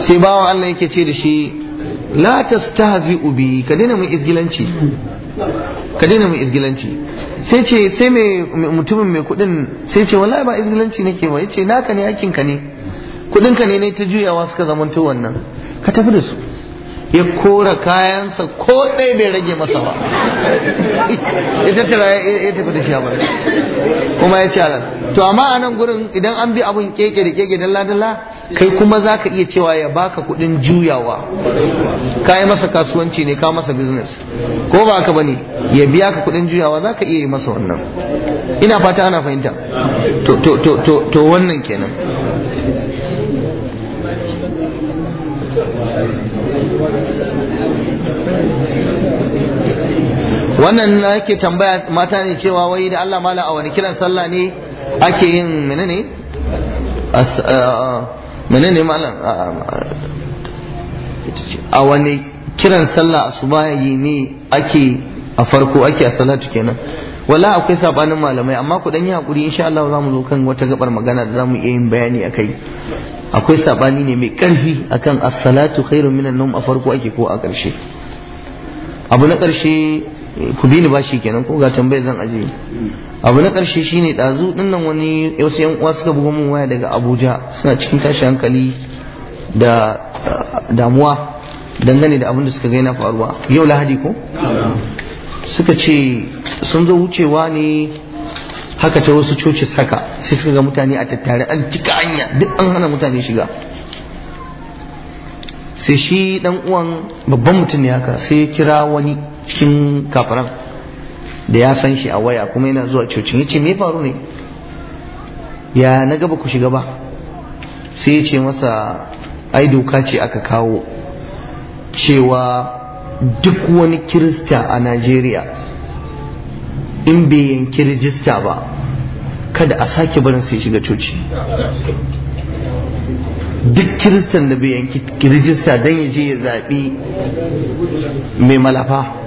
sai bawan Allah yake ce da shi la tastahzi'u ubi, ka daina mun izgilanci ka daina mun izgilanci sai ce sai mai mutumin mai kuɗin sai ce wallahi ba izgilanci nake ba na naka ne hakinka ne ka ne ne ta juyawa suka zamanto wannan ka tafi da su ya kora kayansa ko ɗaya bai rage masa ba ya tattara ya tafi da shi a bari kuma ya ce alal to amma a nan gurin idan an bi abin keke da keke dalla dalla kai kuma za ka iya cewa ya baka kuɗin juyawa ka yi masa kasuwanci ne ka masa business ko ba ka bane ya biya ka kuɗin juyawa za ka iya yi masa wannan ina fata ana fahimta to to to to wannan kenan wannan na ke tambaya mata ne cewa wai da Allah mala a wani kiran sallah ne ake yin menene uh, menene malam a wani kiran sallah a asubahi ne ake a farko ake a salatu kenan wala akwai sabanin malamai amma ku dan yi hakuri insha Allah za mu zo kan wata gabar magana da za mu iya yin bayani akai akwai sabani ne mai karfi akan as-salatu khairun minan nawm a farko ake ko a karshe abu na karshe ku bi ni bashi kenan ko ga tambayar zan aje abu na karshe shine dazu dinnan wani wasu yan uwa suka buga mun waya daga Abuja suna cikin tashi hankali da damuwa dangane da abin da suka ga yana faruwa yau Lahadi ko suka ce sun zo wucewa ne haka ta wasu coci haka sai suka ga mutane a tattare an cika hanya duk an hana mutane shiga sai shi dan uwan babban mutum ne haka sai kira wani cikin kafiran da ya san shi a waya kuma yana zuwa cocin ya ce me faru ne ya na gaba ku shiga ba sai ya ce masa ai doka ce aka kawo cewa duk wani kirista a Najeriya in bai yanki rijista ba kada a sake barin sai shiga coci duk kiristan da bai yanki rijista don ya je ya zaɓi mai malafa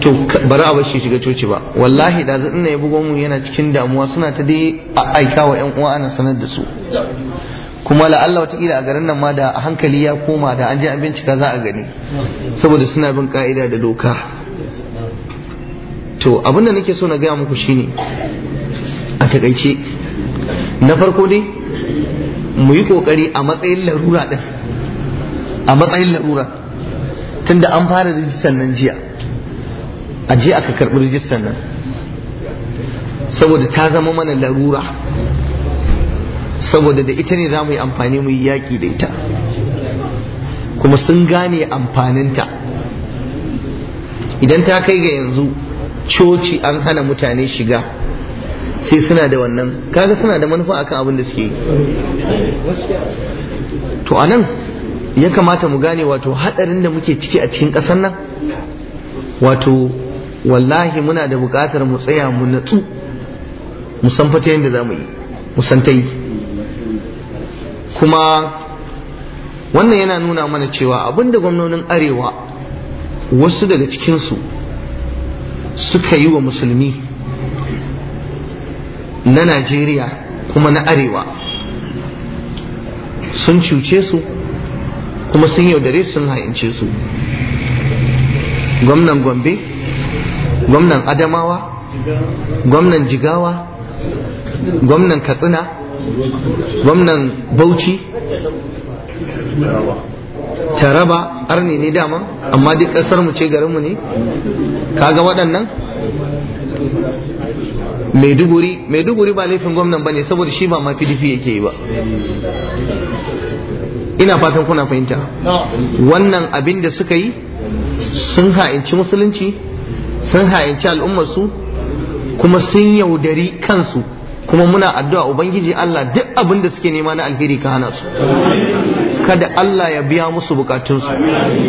to bari a bashi shiga coci ba wallahi da zan ya bugo mu yana cikin damuwa suna ta dai a aika wa yan uwa ana sanar da su kuma la'alla kila a garin nan ma da hankali ya koma da an je an bincika za a gani saboda suna bin ka'ida da doka to abin da nake so na gaya muku shine a takaice na farko dai mu yi kokari a matsayin larura din a matsayin larura tunda an fara rijistan nan jiya a je aka karɓi rijistan nan saboda ta zama mana larura saboda da ita ne za mu yi amfani mu yi yaƙi da ita kuma sun gane amfaninta idan ta kai ga yanzu coci an hana mutane shiga sai suna da wannan kaga suna da manufa akan abin da suke yi to anan ya kamata mu gane wato hadarin da muke ciki a cikin ƙasar nan wato wallahi muna da buƙatar mu tsaya mu natsu mu san fata yadda za mu yi mu san ta yi kuma wannan yana nuna mana cewa abinda gwamnonin arewa wasu daga cikinsu suka yi wa musulmi na najeriya kuma na arewa sun cuce su kuma sun yaudare sun ha'ince su gwamnan gombe gwamnan adamawa gwamnan jigawa gwamnan katsina gwamnan bauchi taraba arni ne dama amma duk mu ce garinmu ne kaga waɗannan maiduguri maiduguri ba laifin gwamnan bane saboda shi ba ma pdp yake yi ba ina fatan kuna fahimta wannan abin da suka yi sun ha'inci musulunci sun ha'inci al'ummarsu kuma sun yaudari kansu kuma muna addu'a ubangiji Allah duk abin da suke nema na alheri ka hana su kada Allah ya biya musu bukatunsu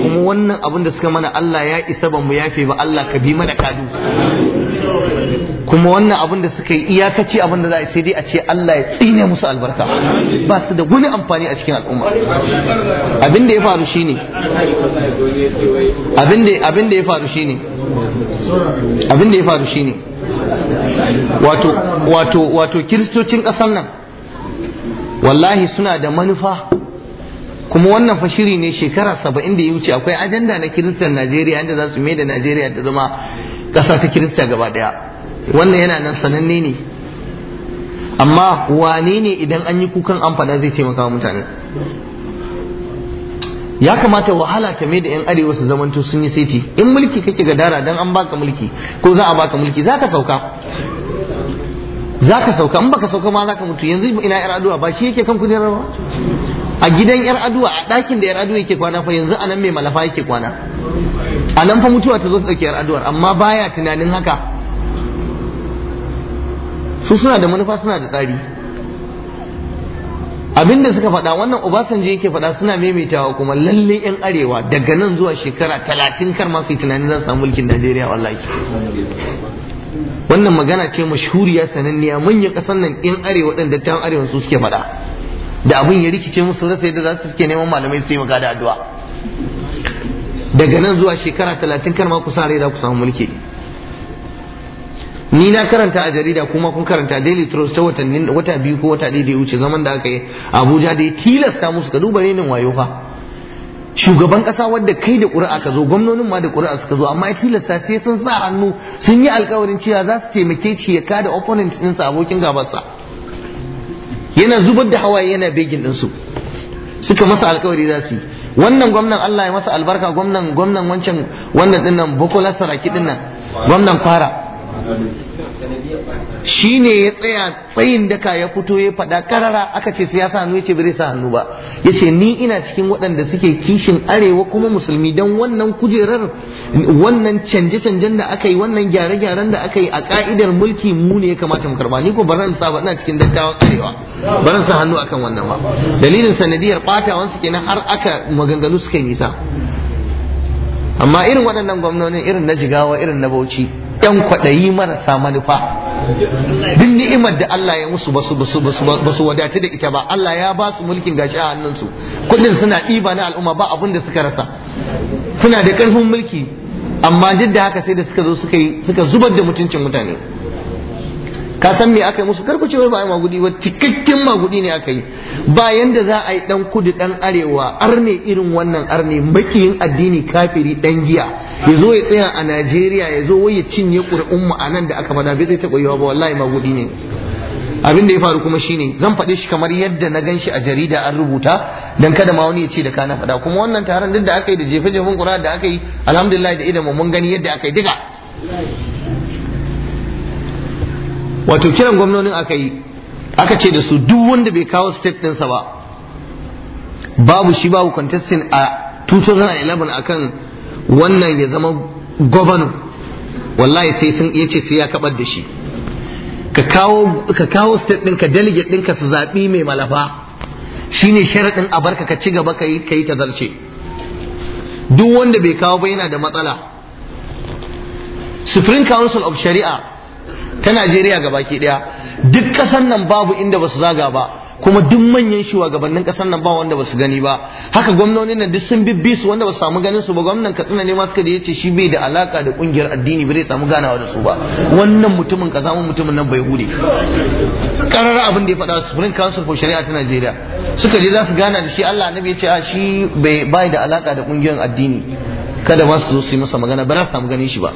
kuma wannan abin da suka mana Allah ya isa ba mu yafe ba Allah ka bi mana kadu kuma wannan abin da suka yi iyakaci abin da za a sai dai a ce Allah ya tsine musu albarka ba su da wani amfani a cikin al'umma abin da ya faru shine abin da abin da ya faru shine abin da ya faru shine wato wato wato kiristocin ƙasar nan wallahi suna da manufa kuma wannan fa shiri ne shekara saba'in da ya wuce akwai ajanda na kiristan najeriya inda za su mai da najeriya ta zama ƙasa ta kirista gaba ɗaya wannan yana nan sananne ne amma wane ne idan an yi kukan an faɗa zai taimaka mutane ya kamata wahala ta mai da 'yan arewa su zamanto sun yi saiti in mulki kake gadara dan an baka mulki ko za a baka mulki za ka sauka za ka sauka in baka sauka ma za ka mutu yanzu ina yar aduwa ba shi yake kan kujerar ba a gidan yar aduwa a ɗakin da yar aduwa yake kwana fa yanzu anan mai malafa yake kwana a nan fa mutuwa ta zo ta ɗauki yar amma baya tunanin haka su suna da manufa suna da tsari abinda suka faɗa wannan obasanji yake faɗa suna maimaitawa kuma lalle yan arewa daga nan zuwa shekara talatin kar ma yi tunanin zan samu mulkin najeriya wallahi wannan magana ce mashhuriya sananniya manyan ƙasar nan yan arewa ɗin dattawan arewa su suke faɗa da abin ya rikice musu rasa yadda za su suke neman malamai su taimaka da addu'a daga nan zuwa shekara talatin kar ma ku sa rai za ku samu mulki ni na karanta a jarida kuma kun karanta daily trust ta watannin wata biyu ko wata ɗaya da wuce zaman da aka yi abuja da ya tilasta musu ka duba renin wayo fa shugaban kasa wadda kai da ƙuri'a ka zo gwamnonin ma da ƙuri'a suka zo amma ya tilasta sai sun sa hannu sun yi alkawarin cewa za su taimake ci ya kada opponent ɗinsa abokin gabarsa yana zubar da hawaye yana begin su. suka masa alkawari za su yi wannan gwamnan Allah ya masa albarka gwamnan gwamnan wancan wannan dinnan bukola saraki dinnan gwamnan fara shi ne ya tsaya tsayin daka ya fito ya faɗa karara aka ce sai ya sa hannu ya ce bai sa hannu ba ya ce ni ina cikin waɗanda suke kishin arewa kuma musulmi don wannan kujerar wannan canje-canjen da aka yi wannan gyare-gyaren da aka yi a ka'idar mulki mu ne ya kamata mu karba ni ko ba sa ba ina cikin dattawan arewa ba sa hannu akan wannan ba dalilin sanadiyar suke kenan har aka maganganu suka yi nisa amma irin waɗannan gwamnonin irin na jigawa irin na bauchi 'yan kwaɗayi marasa manufa duk ni'imar da Allah ya musu basu basu basu wadatu da ita ba Allah ya ba su mulkin gashi a hannun su, kudin suna ɗiba na al'umma ba abin da suka rasa suna da ƙarfin mulki amma duk da haka sai da suka zo suka zubar da mutuncin mutane ka san me aka yi musu karku ce ba a magudi ba cikakken magudi ne aka yi ba yanda za a yi dan kudu dan arewa arne irin wannan arne makiyin addini kafiri dan giya ya zo ya tsaya a Najeriya ya zo wai ya cinye ƙuri'un mu a da aka fada bai zai taɓa yiwa ba wallahi magudi ne abin da ya faru kuma shine zan faɗe shi kamar yadda na ganshi a jarida an rubuta dan kada ma wani ya ce da kana faɗa kuma wannan taron duk da aka yi da jefe-jefen ƙura da aka yi alhamdulillah da idan mun gani yadda aka yi duka wato kiran gwamnonin aka yi aka ce da su duk wanda bai kawo state ɗinsa ba babu shi babu contesting a 2011 akan wannan ya zama governor wallahi sai sun iya ce sai ya kabar da shi ka kawo state ɗinka delegate ka su zaɓi mai malafa shine sharaɗin a barka ka ci gaba ka yi zarce. duk wanda bai kawo ba yana da matsala supreme council of shari'a ta Najeriya gabaki daya duk kasan nan babu inda basu zaga ba kuma duk manyan shugabannin kasan nan ba wanda basu gani ba haka gwamnoni nan duk sun bibbi su wanda basu samu ganin su ba gwamnan Katsina ne ma suka da yace shi bai da alaka da kungiyar addini bai samu ganawa da su ba wannan mutumin mun mutumin nan bai hure. karar abin da ya faɗa Supreme Council for Sharia ta Najeriya suka je za su gana da shi Allah annabi ya ce a shi bai da alaka da kungiyar addini kada ma su zo su yi masa magana ba na samu ganin shi ba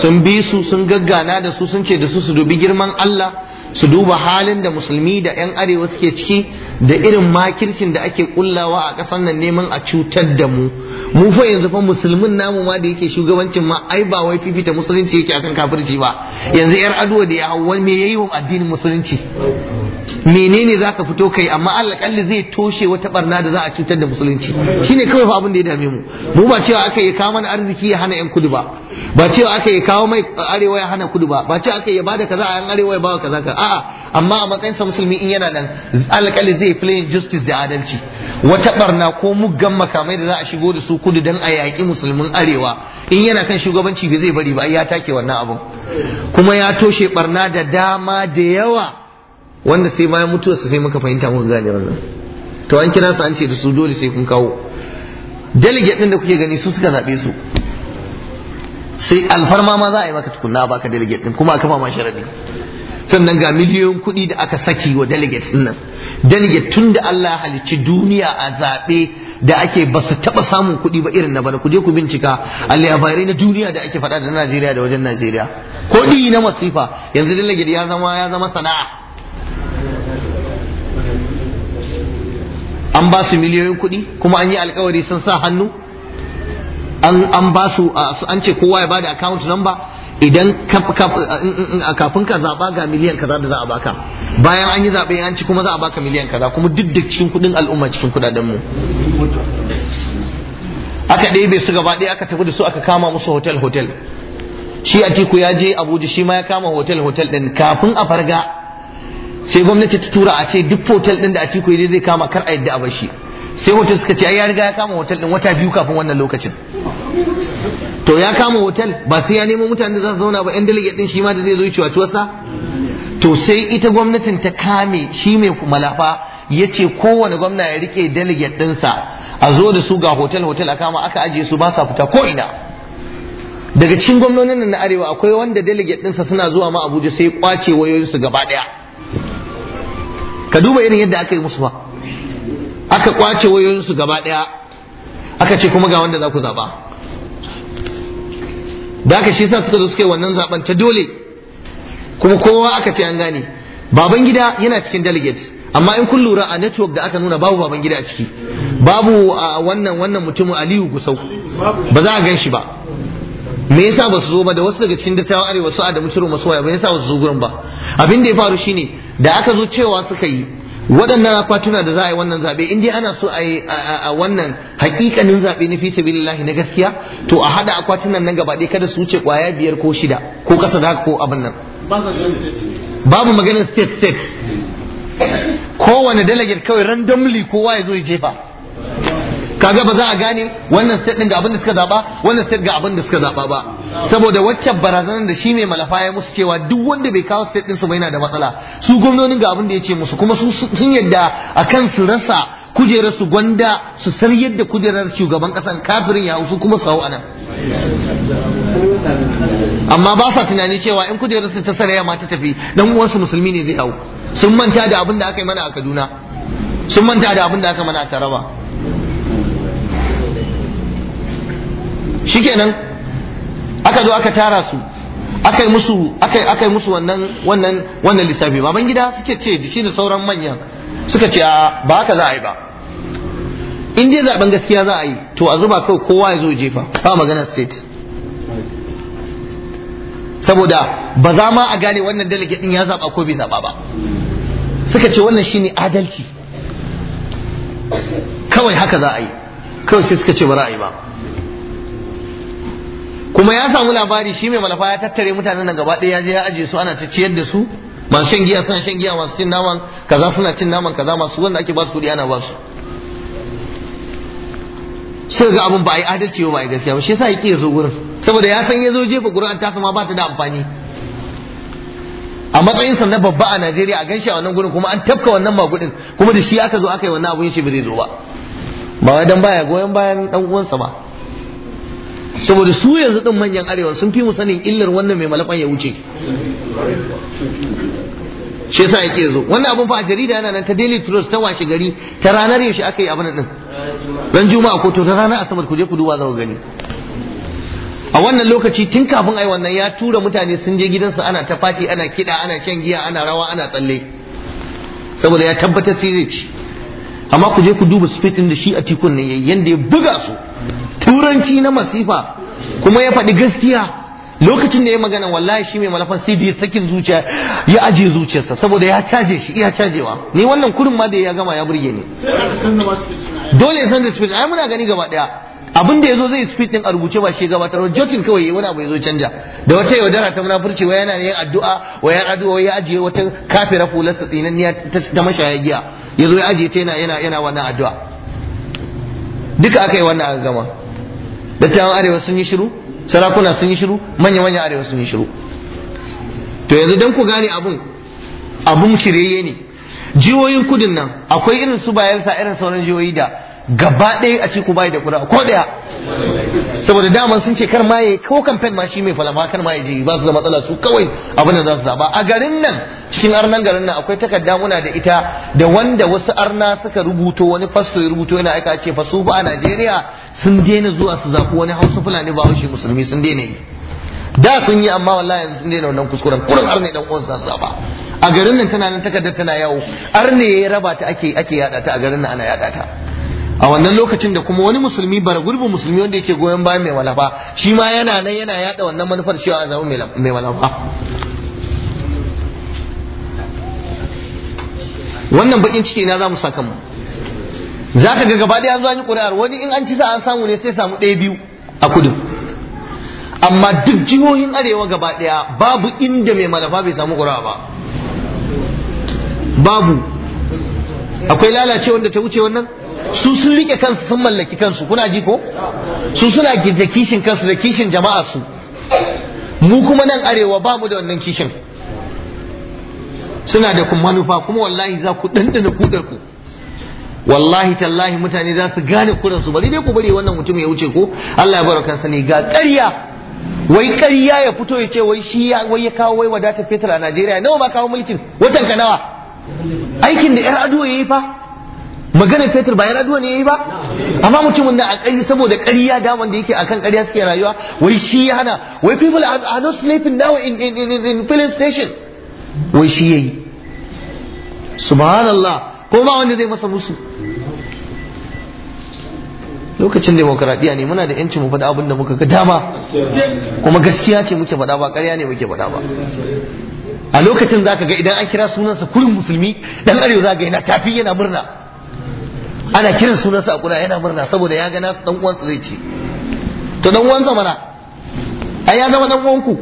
sun bi su sun gaggana da su sun ce da su su dubi girman Allah su duba halin da musulmi da 'yan arewa suke ciki da irin makircin da ake kullawa a ƙasan nan neman a cutar da mu mu fa yanzu fa musulmin namu ma da yake shugabancin ma ai ba wai fifita musulunci yake akan kafirci ba yanzu yar adwa da ya hau wani me yayi wa addinin musulunci menene zaka fito kai amma kalli zai toshe wata barna da za a cutar da musulunci shine kawai fa abin da ya dame mu mu ba cewa aka yi kawo mana arziki ya hana yan kudu ba ba cewa aka yi kawo mai arewa ya hana kudu ba ba cewa aka yi bada kaza a yan arewa ya bawa kaza ka a'a amma a matsayinsa musulmi in yana nan alƙali zai playing justice da adalci wata barna ko muggan makamai da za a shigo da su kudu dan a yaƙi musulmin arewa in yana kan shugabanci bai zai bari ba ya take wannan abun kuma ya toshe barna da dama da yawa wanda sai bayan mutuwarsa sai muka fahimta muka gane wannan to an kira su an ce da su dole sai kun kawo delegate din da kuke gani su suka zaɓe su sai alfarma ma za a yi maka tukunna baka delegate din kuma a kafa ma sharadi sannan ga miliyoyin kuɗi da aka saki wa delegates nan delegate tun da Allah ya halicci duniya a zaɓe da ake ba su taɓa samun kuɗi ba irin na bana ku je ku bincika alliyabarai na duniya da ake faɗa da Najeriya da wajen Najeriya kuɗi na masifa yanzu delegate ya zama ya zama sana'a an ba su miliyoyin kuɗi kuma an yi alkawari sun sa hannu an ba su an ce kowa ya ba da account number idan kafin ka zaɓa ga miliyan kaza da za a baka bayan an yi zaɓe an ci kuma za a baka miliyan kaza kuma duk da cikin kuɗin al'umma cikin kuɗaɗen mu aka ɗebe su gaba ɗaya aka tafi da su aka kama musu hotel hotel shi atiku ya je abuja shi ma ya kama hotel hotel ɗin kafin a farga sai gwamnati ta tura a ce duk hotel ɗin da atiku ya zai kama kar a yadda a bar shi sai hotel suka ce ai ya riga ya kama hotel din wata biyu kafin wannan lokacin to ya kama hotel ba sai ya nemo mutane da za su zauna ba yan delegate din shi ma da zai zo ciwa ciwarsa to sai ita gwamnatin ta kame shi mai malafa ya ce kowane gwamna ya rike delegate ɗinsa a zo da su ga hotel hotel a kama aka ajiye su ba sa fita ko ina daga cikin gwamnonin na arewa akwai wanda delegate ɗinsa suna zuwa ma abuja sai kwace wayoyinsu gaba ɗaya ka duba irin yadda aka yi musu ba aka kwace wayoyinsu gaba daya aka ce kuma ga wanda za ku zaba da aka shi sa suka zo suka yi wannan zaben ta dole kuma kowa aka ce an gane baban gida yana cikin delegate amma in kun lura a network da aka nuna babu baban gida a ciki babu a wannan wannan mutumin aliyu gusau ba za a gan shi ba me yasa ba su zo ba da wasu daga cikin dattawan arewa su adamu ciro masu waya ba yasa ba su zo gurin ba abin da ya faru shine da aka zo cewa suka yi waɗannan akwatuna da za a yi wannan zaɓe in dai ana so a yi a wannan hakikanin zaɓe na fi sabilillahi na gaskiya to a haɗa akwatunan nan gaba ɗaya kada su wuce kwaya biyar ko shida ko ƙasa da ko abin nan babu maganar state state kowane delegate kawai randomly kowa ya zo ya jefa kaga ba za a gane wannan state ɗin ga abin da suka zaɓa wannan state ga abin da suka zaɓa ba saboda waccan barazanar da shi mai malafa ya musu cewa duk wanda bai kawo state ɗinsu ba yana da matsala su gwamnonin ga abin da ya ce musu kuma sun yadda a kan su rasa kujerar su gwanda su sar yadda kujerar shugaban ƙasan kafirin ya su kuma sau anan amma ba sa tunani cewa in kujerar su ta saraya ma ta tafi dan uwansu musulmi ne zai hau sun manta da abin da aka yi mana a Kaduna sun manta da abin da aka mana a Taraba shikenan aka zo aka tara su aka yi musu aka yi musu wannan wannan wannan lissafi baban gida suke ce shi ne sauran manyan suka ce a ba haka za a yi ba in dai zaben gaskiya za a yi to a zuba kawai kowa ya zo jefa ba magana state saboda ba za ma a gane wannan delegate din ya zaba ko bai zaba ba suka ce wannan shine adalci kawai haka za a yi kawai sai suka ce ba za a yi ba kuma ya samu labari shi mai malafa ya tattare mutanen nan gaba ɗaya ya je ya aje su ana ta ciyar da su masu shan giya suna shan giya masu cin naman kaza suna cin naman kaza masu wanda ake ba su kuɗi ana ba su sai ga abin ba a yi adalci ba a yi gaskiya ba shi yasa ya zo gurin saboda ya san ya zo jefa gurin ta sama ba ta da amfani a matsayin sa na babba a Najeriya a ganshi a wannan gurin kuma an tafka wannan magudin kuma da shi aka zo aka yi wannan abun shi bai zo ba ba wai dan baya goyon bayan dan uwansa ba saboda su yanzu din manyan arewa sun fi mu sanin illar wannan mai malafan ya wuce shi yasa yake zo wannan abin fa a jarida yana nan ta daily trust ta washe gari ta ranar yaushe aka yi abin din ran juma'a ko to ta ranar asabar ku je ku duba za gani a wannan lokaci tun kafin ai wannan ya tura mutane sun je gidansa ana ta fati ana kiɗa ana shan giya ana rawa ana tsalle saboda ya tabbatar sai ci amma ku je ku duba speed din da shi a tikun ne yayin da ya buga su turanci na masifa kuma ya faɗi gaskiya lokacin da ya magana wallahi shi mai malafan sai da sakin zuciya ya aje zuciyarsa saboda ya caje shi iya cajewa ni wannan kurin ma da ya gama ya burge ni dole ya san da ai muna gani gaba daya abin da yazo zai speech din a rubuce ba shi gabatar jotin kawai yayi wani abu yazo canja da wata yaudara ta munafurci wai yana yin addu'a wa ya addu'a ya aje wata kafira tsinan tsinanniya ta mashaya giya yazo ya aje ta yana yana yana wannan addu'a duka aka yi wannan gama dattawan arewa sun yi shiru sarakuna sun yi shiru manya manya arewa sun yi shiru to yanzu dan ku gane abun abun shirye ne jihohin kudin nan akwai irin su bayelsa irin sauran jihohi da gaba ɗaya a ciku bai da kura ko ɗaya saboda daman sun ce kar ma ya ko kamfen ma shi mai falama kar ma ya je ba su da matsala su kawai abin da za su zaba a garin nan cikin arnan garin nan akwai takarda muna da ita da wanda wasu arna suka rubuto wani fasto ya rubuto yana aika ce fa su ba a Najeriya sun daina zuwa su zaɓi wani Hausa Fulani ba haushe musulmi sun daina yi da sun yi amma wallahi yanzu sun daina wannan kuskuren kurin arne dan uwansa zaba a garin nan tana nan takardar tana yawo arne ya raba ta ake ake yada ta a garin nan ana yada ta a wannan lokacin da kuma wani musulmi bara gurbi musulmi wanda yake goyon bayan mai walafa shi ma yana nan yana yada wannan manufar cewa a zama mai walafa wannan bakin ciki na zamu saka mu za ka ga gaba ɗaya an zo an yi ƙuri'ar wani in an ci sa an samu ne sai samu ɗaya biyu a kudu amma duk jihohin arewa gaba daya babu inda mai malafa bai samu ƙuri'a ba babu akwai lalace wanda ta wuce wannan su sun rike kansu sun mallaki kansu kuna ji ko su suna da kishin kansu da kishin jama'a su mu kuma nan arewa ba mu da wannan kishin suna da kuma manufa kuma wallahi za ku ɗanɗana kudar ku wallahi tallahi mutane za su gane kuransu su bari dai ku bari wannan mutum ya wuce ko Allah ya bar kansa ne ga ƙarya wai ƙarya ya fito ya ce wai shi wai ya kawo wai wadatar fetur a Najeriya nawa ma kawo mulkin watan ka nawa aikin da yar ado yayi fa maganar fetur ba ya duwa ne yayi ba amma mutumin nan a ƙari saboda ƙarya da wanda yake akan ƙarya suke rayuwa wai shi ya hana wai people are, not sleeping now in in in, in filling station wai shi yayi subhanallah ko ba wanda zai masa musu lokacin demokradiyya ne muna da yancin mu faɗa abin da muka ga dama kuma gaskiya ce muke faɗa ba ƙarya ne muke faɗa ba a lokacin zaka ga idan an kira sunansa kurin musulmi dan arewa zaka ga yana tafi yana murna ana kiran sunansa a kula yana murna saboda ya ga nasu dan uwansa zai ci to dan uwansa mana ai ya zama dan uwanku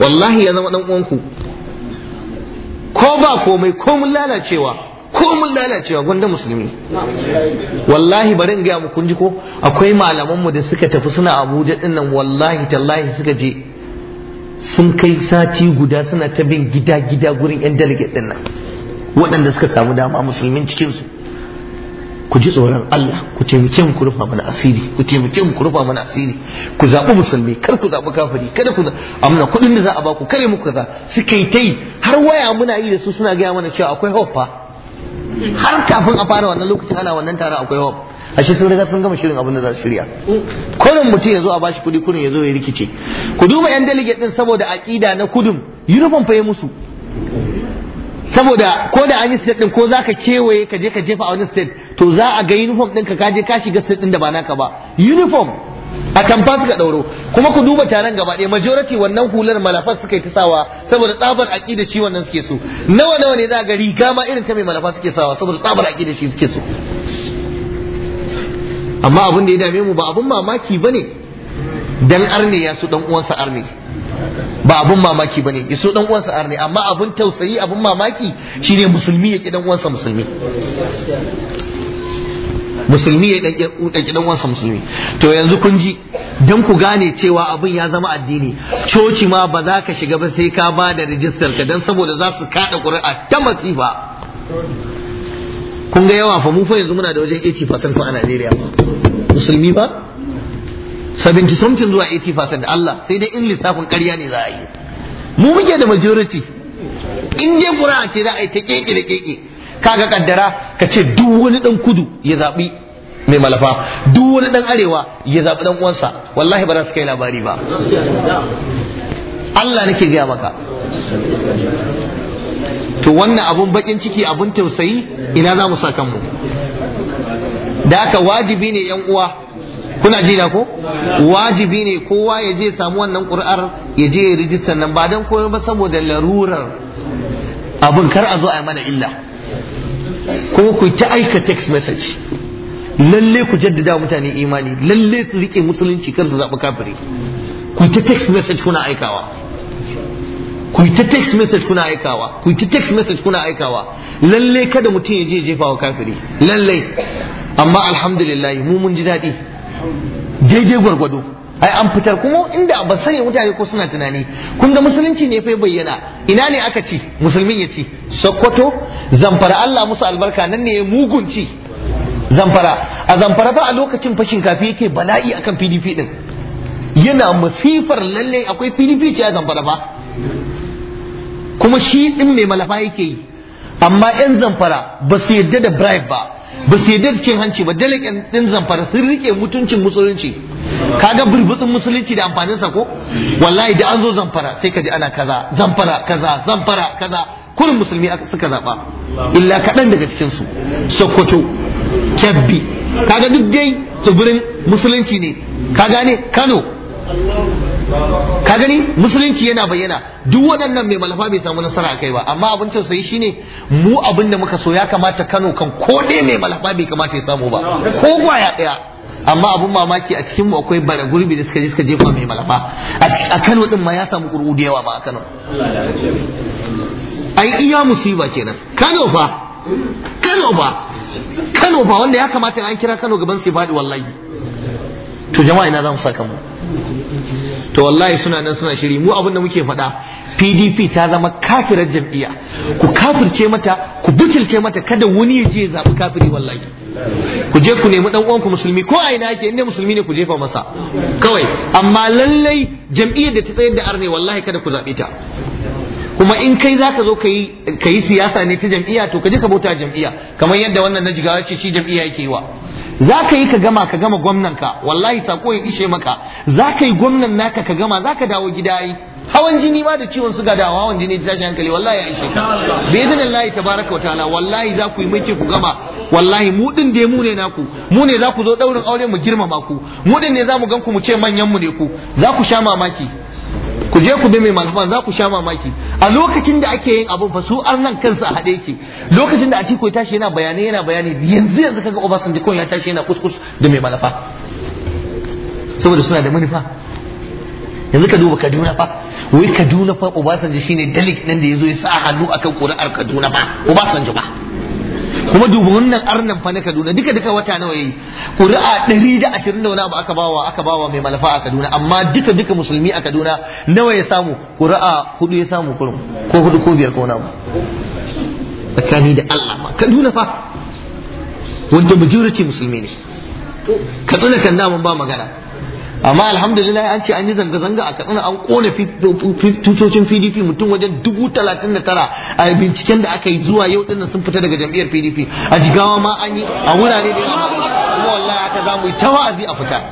wallahi ya zama dan uwanku ko ba komai ko mun lalacewa ko mun lalacewa gwanda musulmi wallahi bari in gaya mu kun ji ko akwai malaman mu da suka tafi suna Abuja ɗinnan wallahi tallahi suka je sun kai sati guda suna ta bin gida gida gurin yan delegate nan waɗanda suka samu dama musulmin cikinsu ku ji tsoron Allah ku taimake mu ku rufa mana asiri ku taimake mu ku rufa mana asiri ku zaɓi musulmi kar ku zaɓi kafiri kada ku amna kuɗin da za a baku kare mu kaza suka yi ta har waya muna yi da su suna gaya mana cewa akwai hope har kafin a fara wannan lokacin ana wannan tare akwai hope ashe sun riga sun gama shirin abin da za su shirya kurin mutum ya zo a bashi kuɗi kurin ya zo ya rikice ku duba yan delegate din saboda akida na kudin uniform fa musu saboda ko da an yi state din ko za ka kewaye ka je ka jefa a wani state to za a ga uniform ɗinka ka je ka shiga state din da ba naka ba uniform a tamfa suka ɗauro kuma ku duba taron gaba ɗaya majority wannan hular malafa suka yi ta sawa saboda tsabar aƙida shi wannan suke so nawa nawa ne za ga riga ma irin ta mai malafa suke sawa saboda tsabar aƙida shi suke so amma abin da ya dame mu ba abin mamaki ba ne dan arne ya su dan uwansa arne ba abun mamaki bane ya dan uwansa arne amma abun tausayi abun mamaki shine musulmi ya ki dan uwansa musulmi musulmi ya ki dan uwansa musulmi to yanzu kun ji don ku gane cewa abun ya zama addini coci ma ba za ka shiga ba sai ka ba da rijistar ka don saboda za su kaɗa ƙuri'a ta masifa kun ga yawa fa mu fa yanzu muna da wajen 80% a Najeriya musulmi ba sabinti something zuwa 80% Allah sai dai in lissafin ƙarya ne za a yi mu muke da majority in dai a ce za a yi ta keke da keke kaga kaddara ka ce duk wani dan kudu ya zabi mai malafa duk wani dan arewa ya zabi dan uwansa wallahi ba za su kai labari ba Allah nake gaya maka to wannan abun bakin ciki abun tausayi ina za mu sa kanmu da haka wajibi ne yan uwa kuna ji da ko wajibi ne kowa ya je samu wannan ƙuri'ar ya je ya rijistar nan ba don koyo ba saboda larurar abin kar a zo a yi mana illa ko ku ta aika text message lalle ku jaddada mutane imani lalle su rike musulunci kar su zaɓi kafiri ku ta text message kuna aikawa ku ta text message kuna aikawa ku ta text message kuna aikawa lalle kada mutum ya je jefawa kafiri lalle amma alhamdulillah mu mun ji daɗi daidai gwargwado ai an fitar kuma inda ba sani mutane ko suna tunani kun ga musulunci ne fa bayyana ina ne aka ci musulmin ya ci sokoto zamfara Allah musu albarka nan ne mugunci zamfara a zamfara ba a lokacin fashin kafi yake bala'i akan PDP din yana masifar lalle akwai PDP ce a zamfara ba kuma shi din mai malafa yake yi amma yan zamfara ba su yadda da bribe ba ba sai da cin hanci ba dalakin din zamfara sun rike mutuncin musulunci kaga burbutsin musulunci da amfanin sa ko wallahi da an zo zamfara sai ka ji ana kaza zamfara kaza zamfara kaza kullum musulmi suka zaba illa kaɗan daga cikin su sokoto kebbi kaga duk dai tsibirin musulunci ne ka gane kano ka gani musulunci yana bayyana duk waɗannan mai malafa bai samu nasara kai ba amma abin tausayi shine mu abin da muka so ya kamata Kano kan ko dai mai malafa bai kamata ya samu ba ko gwaya ɗaya amma abun mamaki a cikin mu akwai bara gurbi da suka je suka jefa mai malafa a Kano din ma ya samu ƙuru da yawa ba a Kano ai iya musiba kenan Kano fa Kano ba Kano ba wanda ya kamata an kira Kano gaban sai faɗi wallahi to jama'a ina za mu saka mu to wallahi suna nan suna shiri mu abin da muke faɗa PDP ta zama kafirar jam'iyya ku kafirce mata ku butulce mata kada wani ya je ya zaɓi kafiri wallahi ku je ku nemi dan ku musulmi ko a ina yake inda musulmi ne ku jefa masa kawai amma lallai jam'iyyar da ta tsayar da arne wallahi kada ku zaɓe ta kuma in kai za ka zo ka yi siyasa ne ta jam'iyya to ka je ka bauta jam'iyya kamar yadda wannan na jigawa ce shi jam'iyya yake yi wa za ka yi ka gama ka gama gwamnanka wallahi sako ya ishe maka za ka yi gwamnan naka ka gama za ka dawo gida yi hawan jini ma da ciwon suga da hawan jini da tashi hankali wallahi ya ishe ka bi ta tabaraka wa ta'ala wallahi za ku yi mace ku gama wallahi mu din dai mu ne naku mu ne za ku zo daurin auren mu girmama ku mu din ne za mu gan ku mu ce manyan mu ne ku za ku sha mamaki ku je ku bi mai malhaman za ku sha mamaki a lokacin da ake yin abun fa su arnan kansu a haɗe yake lokacin da Atiku ya tashi yana bayanai yana bayani yanzu yanzu kaga Obasanjo kawai ya tashi yana kuskus da mai malafa saboda suna da manufa yanzu ka duba Kaduna fa wai Kaduna fa Obasanjo shine dalik nan da ya zo ya sa hannu akan ƙuri'ar Kaduna fa Obasanjo ba kuma dubu wannan arnan fa na Kaduna duka duka wata nawa yayi ƙuri'a 120 da wani abu aka bawa aka bawa mai malafa a Kaduna amma duka duka musulmi a Kaduna nawa ya samu ƙuri'a hudu ya samu kurum ko hudu ko biyar ko nawa tsakani da Allah ma Kaduna fa wanda majority musulmi ne Kaduna kan da mun ba magana amma alhamdulillah an ce an yi zanga-zanga a katsina an kona tutocin pdp mutum wajen dubu talatin da tara a binciken da aka yi zuwa yau dinnan sun fita daga jam'iyyar pdp a jigawa ma an yi a wurare da kuma za mu yi ta wa'azi a fita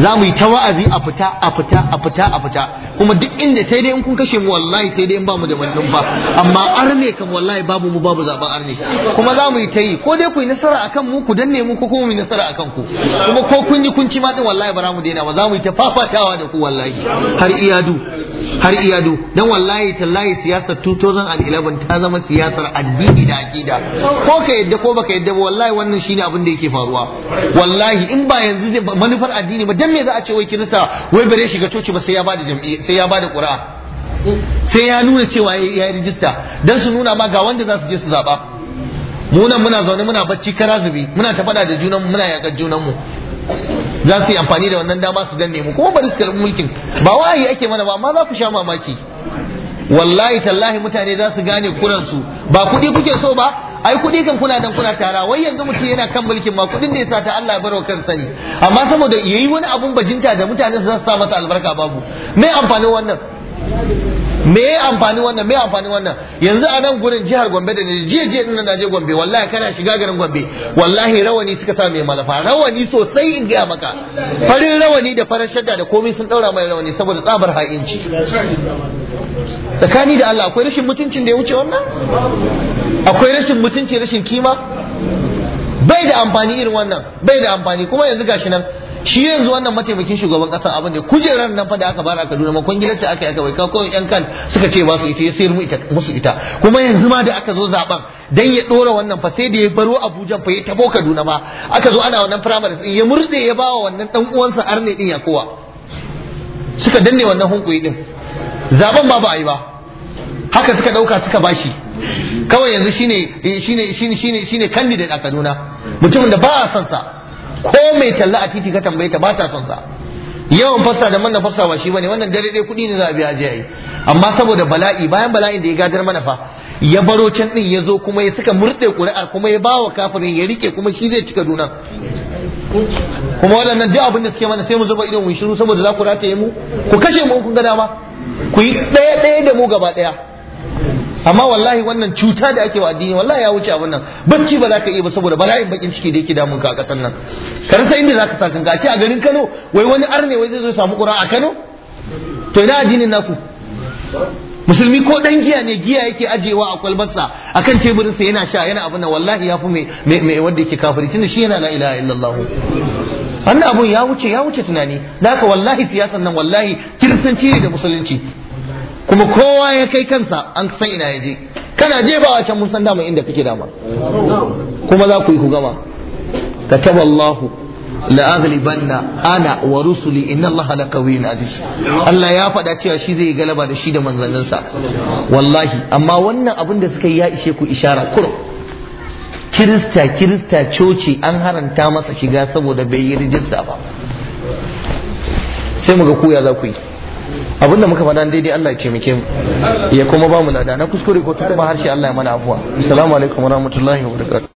za mu yi a fita a fita a fita kuma duk inda sai dai in kun kashe mu wallahi sai dai in ba mu da mannin ba amma arne kam wallahi babu mu babu zaben arne kuma za mu yi ta ko dai ku yi nasara akan mu ku danne mu ko kuma mu yi nasara akan ku kuma ko kun yi kunci ci ma din wallahi ba za mu daina ba za mu yi ta fafatawa da ku wallahi har iyadu har iyadu dan wallahi tallahi siyasar 2011 ta zama siyasar addini da akida ko ka yadda ko baka yadda ba wallahi wannan shine abin da yake faruwa wallahi in ba yanzu ne manufar addini ba dan me za a ce wai kirista wai bare shiga coci ba sai ya bada jami'i sai ya bada qur'a sai ya nuna cewa ya yi rijista dan su nuna ma ga wanda za su je su zaba mu muna zaune muna bacci kara zubi muna ta faɗa da junanmu muna yaƙa junanmu za su yi amfani da wannan dama su danne mu kuma bari su karɓi mulkin ba wahayi ake mana ba amma za ku sha mamaki wallahi tallahi mutane za su gane su ba kuɗi kuke so ba ai kuɗi kan kuna dan kuna tara wai yanzu mutum yana kan mulkin ma kuɗin da ya sa ta Allah ya barwa kansa ne amma saboda yayi wani abun bajinta da mutane su za su sa masa albarka babu me amfanin wannan me amfani wannan me amfani wannan yanzu a nan gurin jihar Gombe da jiya jiya din na je Gombe wallahi kana shiga garin Gombe wallahi rawani suka sa mai malafa rawani sosai in gaya maka farin rawani da farin shadda da komai sun daura mai rawani saboda tsabar ha'inci tsakani da Allah akwai rashin mutuncin da ya wuce wannan akwai rashin mutunci rashin kima bai da amfani irin wannan bai da amfani kuma yanzu gashi nan shi yanzu wannan mataimakin shugaban kasa abin da kujerar nan fa da aka bara Kaduna makon gidansa aka yi aka bai ko yan kan suka ce ba su ita ya sayar musu ita kuma yanzu ma da aka zo zaben dan ya dora wannan fa sai da ya baro Abuja fa ya tabo Kaduna ma aka zo ana wannan primary din ya murde ya bawa wannan dan uwansa arne din ya kowa suka danne wannan hunkuyi din zaben ba ba a yi ba haka suka dauka suka bashi kawai yanzu shine shine shine shine candidate a Kaduna mutumin da ba a son sa ko mai talla a titi ka tambaye ta ba ta son sa yawan fasta da manna fasta ba shi bane wannan dare dai kuɗi ne za a biya je yi amma saboda bala'i bayan bala'in da ya gadar mana fa ya baro can din ya zo kuma ya saka murɗe ƙuri'a kuma ya bawa kafirin ya rike kuma shi zai cika dunan kuma waɗannan duk abin da suke mana sai mu zuba idon mu shiru saboda za ku rataye mu ku kashe mu kun ga dama ku yi ɗaya ɗaya da mu gaba ɗaya amma wallahi wannan cuta da ake wa addini wallahi ya wuce abin nan bacci ba za ka iya ba saboda bala'in bakin ciki da yake damun ka a ƙasar nan ka rasa inda za ka sa kanka a ce a garin Kano wai wani arne wai zai zo samu ƙura a Kano to ina addinin naku musulmi ko dan giya ne giya yake ajewa a kwalbarsa akan teburinsa yana sha yana abin nan wallahi ya fi mai mai wanda yake kafiri tunda shi yana la ilaha illallah wannan abun ya wuce ya wuce tunani da haka wallahi siyasan nan wallahi kiristanci ne da musulunci kuma kowa ya kai kansa an san ina ya je kana a can mun san dama inda kake dama kuma za ku yi ku gama kataballahu banna ana wa rusuli inna Allah la qawiyyun aziz Allah ya faɗa cewa shi zai galaba da shi da manzanninsa wallahi amma wannan abin da suka yi ya ishe ku ishara kur kirista kirista coci an haranta masa shiga saboda bai yi rijista ba sai mu ga ku ya za ku yi abinda muka faɗa daidai Allah ya taimake mu ya kuma ba mu lada na kuskure ko tuntuɓa harshe Allah ya mana afuwa assalamu alaikum warahmatullahi wabarakatuh